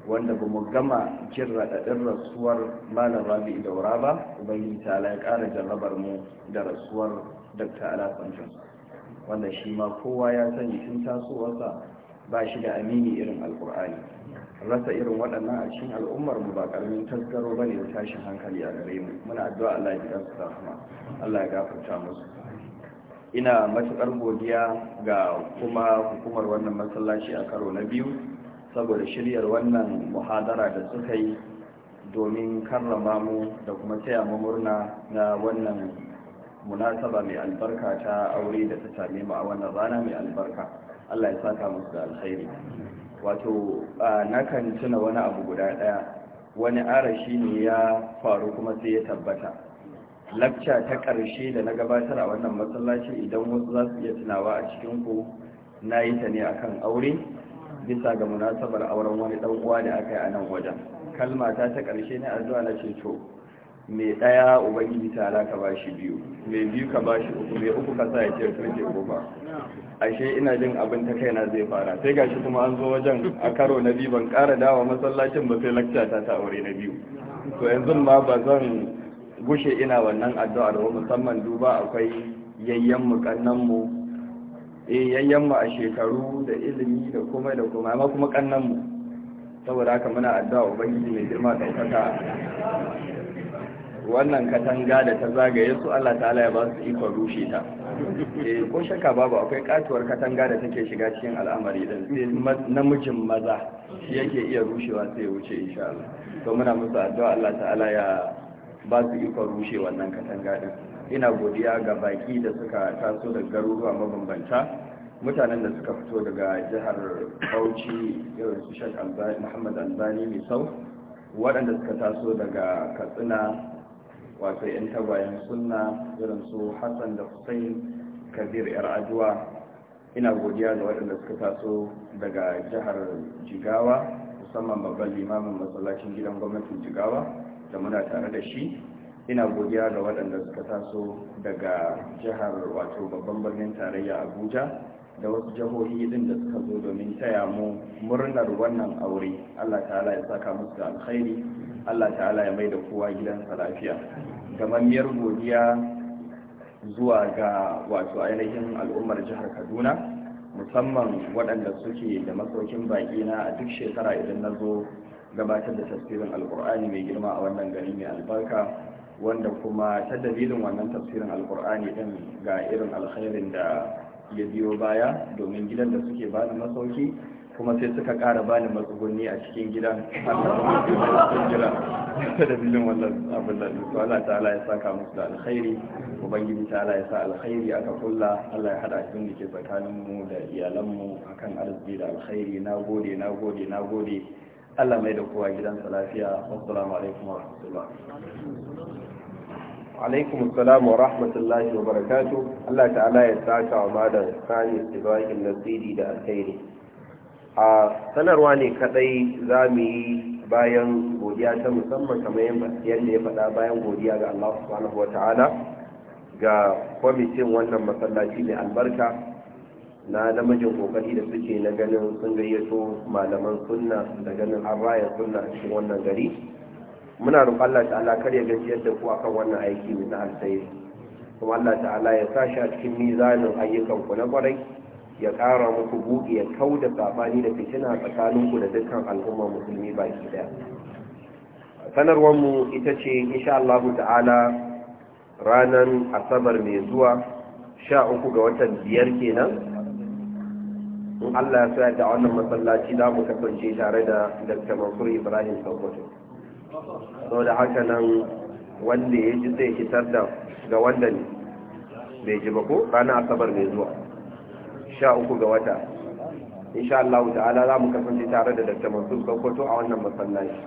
wanda ba mu gama jin raɗaɗin rasuwar malam rabi wura ba ubangiji ta ya ƙara jarrabar mu da rasuwar dr alhassan jos wanda shi ma kowa ya sani tun tasowarsa ba shi da amini irin alkur'ani rasa irin waɗannan a cikin al'ummar mu ba karamin tasgaro ba ne da tashin hankali a gare mu muna addu'a Allah ya su kuma Allah ya gafarta musu ina matuƙar godiya ga kuma hukumar wannan masallaci a karo na biyu saboda shiryar wannan muhadara da suka yi domin karrama mu da kuma taya mu murna na wannan munasaba mai albarka ta aure da ta same mu a wannan rana mai albarka Allah ya saka musu da alkhairi wato na kan tuna wani abu guda daya wani arashi ne ya faru kuma sai ya tabbata lakca ta ƙarshe da na gabatar a wannan masallaci idan wasu za su iya tunawa a cikin ku na yi ta ne a kan aure bisa ga munasabar auren wani ɗan uwa da aka yi a nan wajen Kalmata ta karshe ne a zuwa na ce ceto mai ɗaya ubangiji tara ka shi biyu mai biyu ka ba shi uku mai uku ka sa ya ce ce goma ashe ina jin abin ta kaina zai fara sai gashi kuma an zo wajen a karo na biyu ban kara dawa masallacin ba sai lakta ta ta aure na biyu to yanzu ma ba zan gushe ina wannan addu'a da musamman duba akwai yayyan mu kannan mu eh yayyan mu a shekaru da ilimi da kuma da kuma amma kuma kannan mu saboda haka muna addu'a ubangiji mai girma ɗaukaka. wannan katanga da ta zagaye su Allah ta'ala ya ba su ikon rushe ta eh ko shakka babu akwai katuwar katanga da take shiga cikin al'amari da sai namijin maza shi yake iya rushewa sai wuce insha Allah to muna musu addu'a Allah ta'ala ya ba su ikon rushe wannan katanga din ina godiya ga baki da suka taso da garuruwa mabambanta mutanen da suka fito daga jihar Bauchi irin su Sheikh Muhammad Albani mai sau waɗanda suka taso daga katsina wato 'yan tagwayen sunna irin su hassan da hussein kabir yar ajuwa ina godiya da waɗanda suka taso daga jihar jigawa musamman babban limamin masallacin gidan gwamnatin jigawa da muna tare da shi ina godiya ga waɗanda suka taso daga jihar wato babban birnin tarayya abuja da wasu jihohi din da suka zo domin taya mu murnar wannan aure Allah ta'ala ya saka musu da alkhairi Allah ta'ala ya mai da kowa gidansa lafiya gamammiyar godiya zuwa ga wato ainihin al'ummar jihar Kaduna musamman waɗanda suke da masaukin baƙi na a duk shekara idan na zo gabatar da tafsirin alkur'ani mai girma a wannan gari mai albarka wanda kuma ta dalilin wannan tafsirin alkur'ani din ga irin alkhairin da ya biyo baya domin gidan da suke bani masauki kuma sai suka kara bani matsugunni a cikin gidan da bilin wannan abin da su ta'ala ya saka musu da alkhairi ubangiji ta'ala ya sa alkhairi aka kulla Allah ya hada abin da ke tsakanin mu da iyalan mu akan arziki da alkhairi na gode na gode na gode Allah mai da kowa gidansa lafiya wassalamu alaikum wa rahmatullah alaikum assalam wa rahmatullahi wa barakatu Allah ta'ala ya saka wa madan sani ibrahim nasiri da alkhairi a sanarwa ne kadai za mu yi bayan godiya ta musamman kamar yadda ya faɗa bayan godiya ga Allah subhanahu wa ta'ala ga kwamitin wannan masallaci mai albarka na namijin kokari da suke na ganin sun gayyato malaman sunna da ganin an sunna a cikin wannan gari muna roƙon Allah ta'ala kar ya gajiyar da ku akan wannan aiki na alkhairi kuma Allah ta'ala ya sa shi a cikin mizanin ayyukan ku na kwarai ya ƙara muku buɗe ya kau da sabani da fitina tsakanin ku da dukkan al'umma musulmi baki ɗaya. sanarwar mu ita ce insha Allah ta'ala ranar asabar mai zuwa sha uku ga watan biyar kenan in Allah ya sa da wannan masallaci za mu kasance tare da Dr. Mansur Ibrahim Sokoto so da haka nan wanda ya ji zai fitar da ga wanda ne bai ji ba ko ranar asabar mai zuwa sha uku ga wata insha Allah ta'ala za mu kasance tare da dakta masu Sokoto a wannan masallaci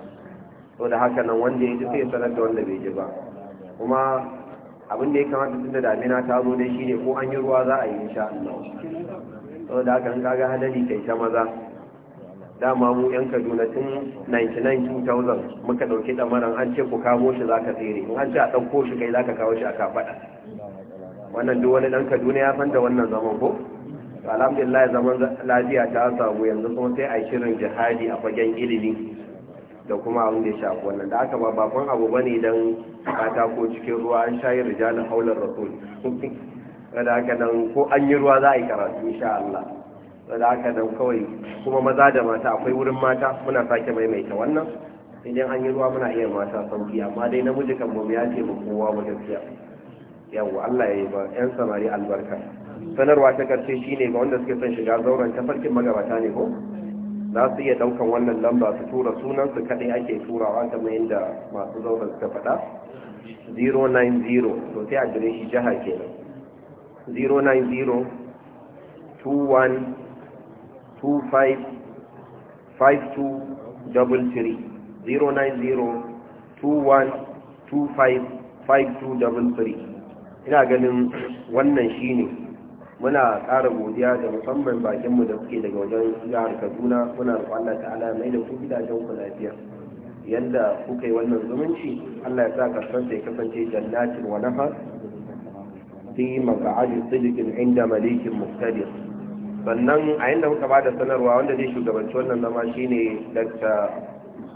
so da haka nan wanda ya ji sai sanar da wanda bai ji ba kuma abin da ya kamata tun da damina ta zo shi shine ko an yi ruwa za a yi insha Allah so da haka nan kaga hadari kai ta maza dama mu yan kaduna tun 99,000 muka ɗauki ɗamaran an ce ku kamo shi za ka tsere in an ce a ɗauko shi kai za ka kawo shi a kafaɗa wannan duk wani ɗan kaduna ya san da wannan zaman ko alhamdulillah zaman lafiya ta samu yanzu kuma sai a shirin jihadi a fagen ilimi da kuma abin da ya shafi wannan da aka ba bakon abu bane dan katako cikin ruwa an shayi rijalin haular rasul kada haka nan ko an yi ruwa za a yi karatu insha Allah da aka nan kawai kuma maza da mata akwai wurin mata muna sake maimaita wannan idan an yi ruwa muna iya mata sauki amma dai namiji kan mu ya ce mu kowa mu gaskiya yawa Allah ya yi ba yan samari albarka sanarwa ta karshe shine ga wanda suke son shiga zauren tafarkin magabata ne ko za su iya daukan wannan lamba su tura sunan su kadai ake turawa mai da masu zauren suka faɗa 090 to sai a jire shi jiha kenan 090 21 09021255233 ina ganin wannan shine muna ƙara godiya da musamman bakinmu da suke daga wajen jihar kaduna muna roƙon Allah ta'ala mai da ku gidajen ku lafiya yanda kuka yi wannan zumunci Allah ya sa karshen ya kasance jannatin wa nahar fi maq'adi sidqin inda malikin muqtadir sannan a yadda muka ba da sanarwa wanda zai shugabanci wannan zama shine dr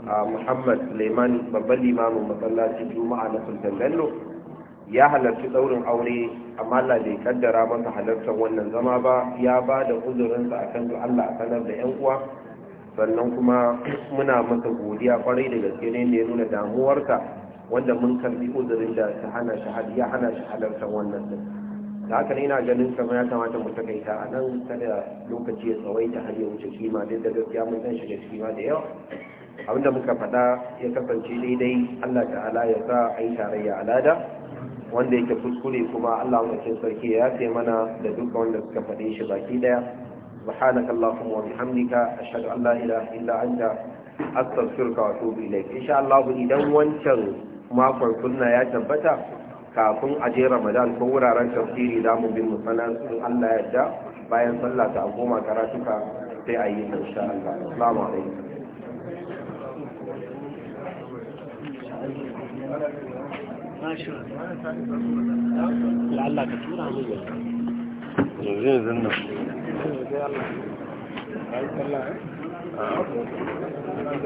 muhammad suleiman babban limamin masallacin juma'a na sultan bello ya halarci daurin aure amma Allah bai kaddara masa halartar wannan zama ba ya ba da uzurinsa a kan Allah a sanar da yan uwa sannan kuma muna masa godiya kwarai da gaske ne da ya nuna damuwarsa wanda mun karbi uzurin da ta hana ya hana shi halartar wannan din da haka ne ina ganin kamar ya kamata mu takaita a nan kada lokaci ya tsawaita har ya wuce kima duk da gaskiya mun san shiga kima da yawa abinda muka faɗa ya kasance daidai Allah ta'ala ya sa a yi tarayya alada wanda yake kuskure kuma Allah wajen sarki ya yafe mana da duka wanda suka faɗe shi baki daya subhanaka allahumma wa bihamdika ashhadu an la ilaha illa anta astaghfiruka wa atubu ilaik insha Allah idan wancan makon sunna ya tabbata kafin a je ramadan ko wuraren tafsiri za mu bi mu sanar in allah yadda bayan sallah ta goma karatuka sai a yi insha allah assalamu alaikum لعلك تورا عليا غير ذنب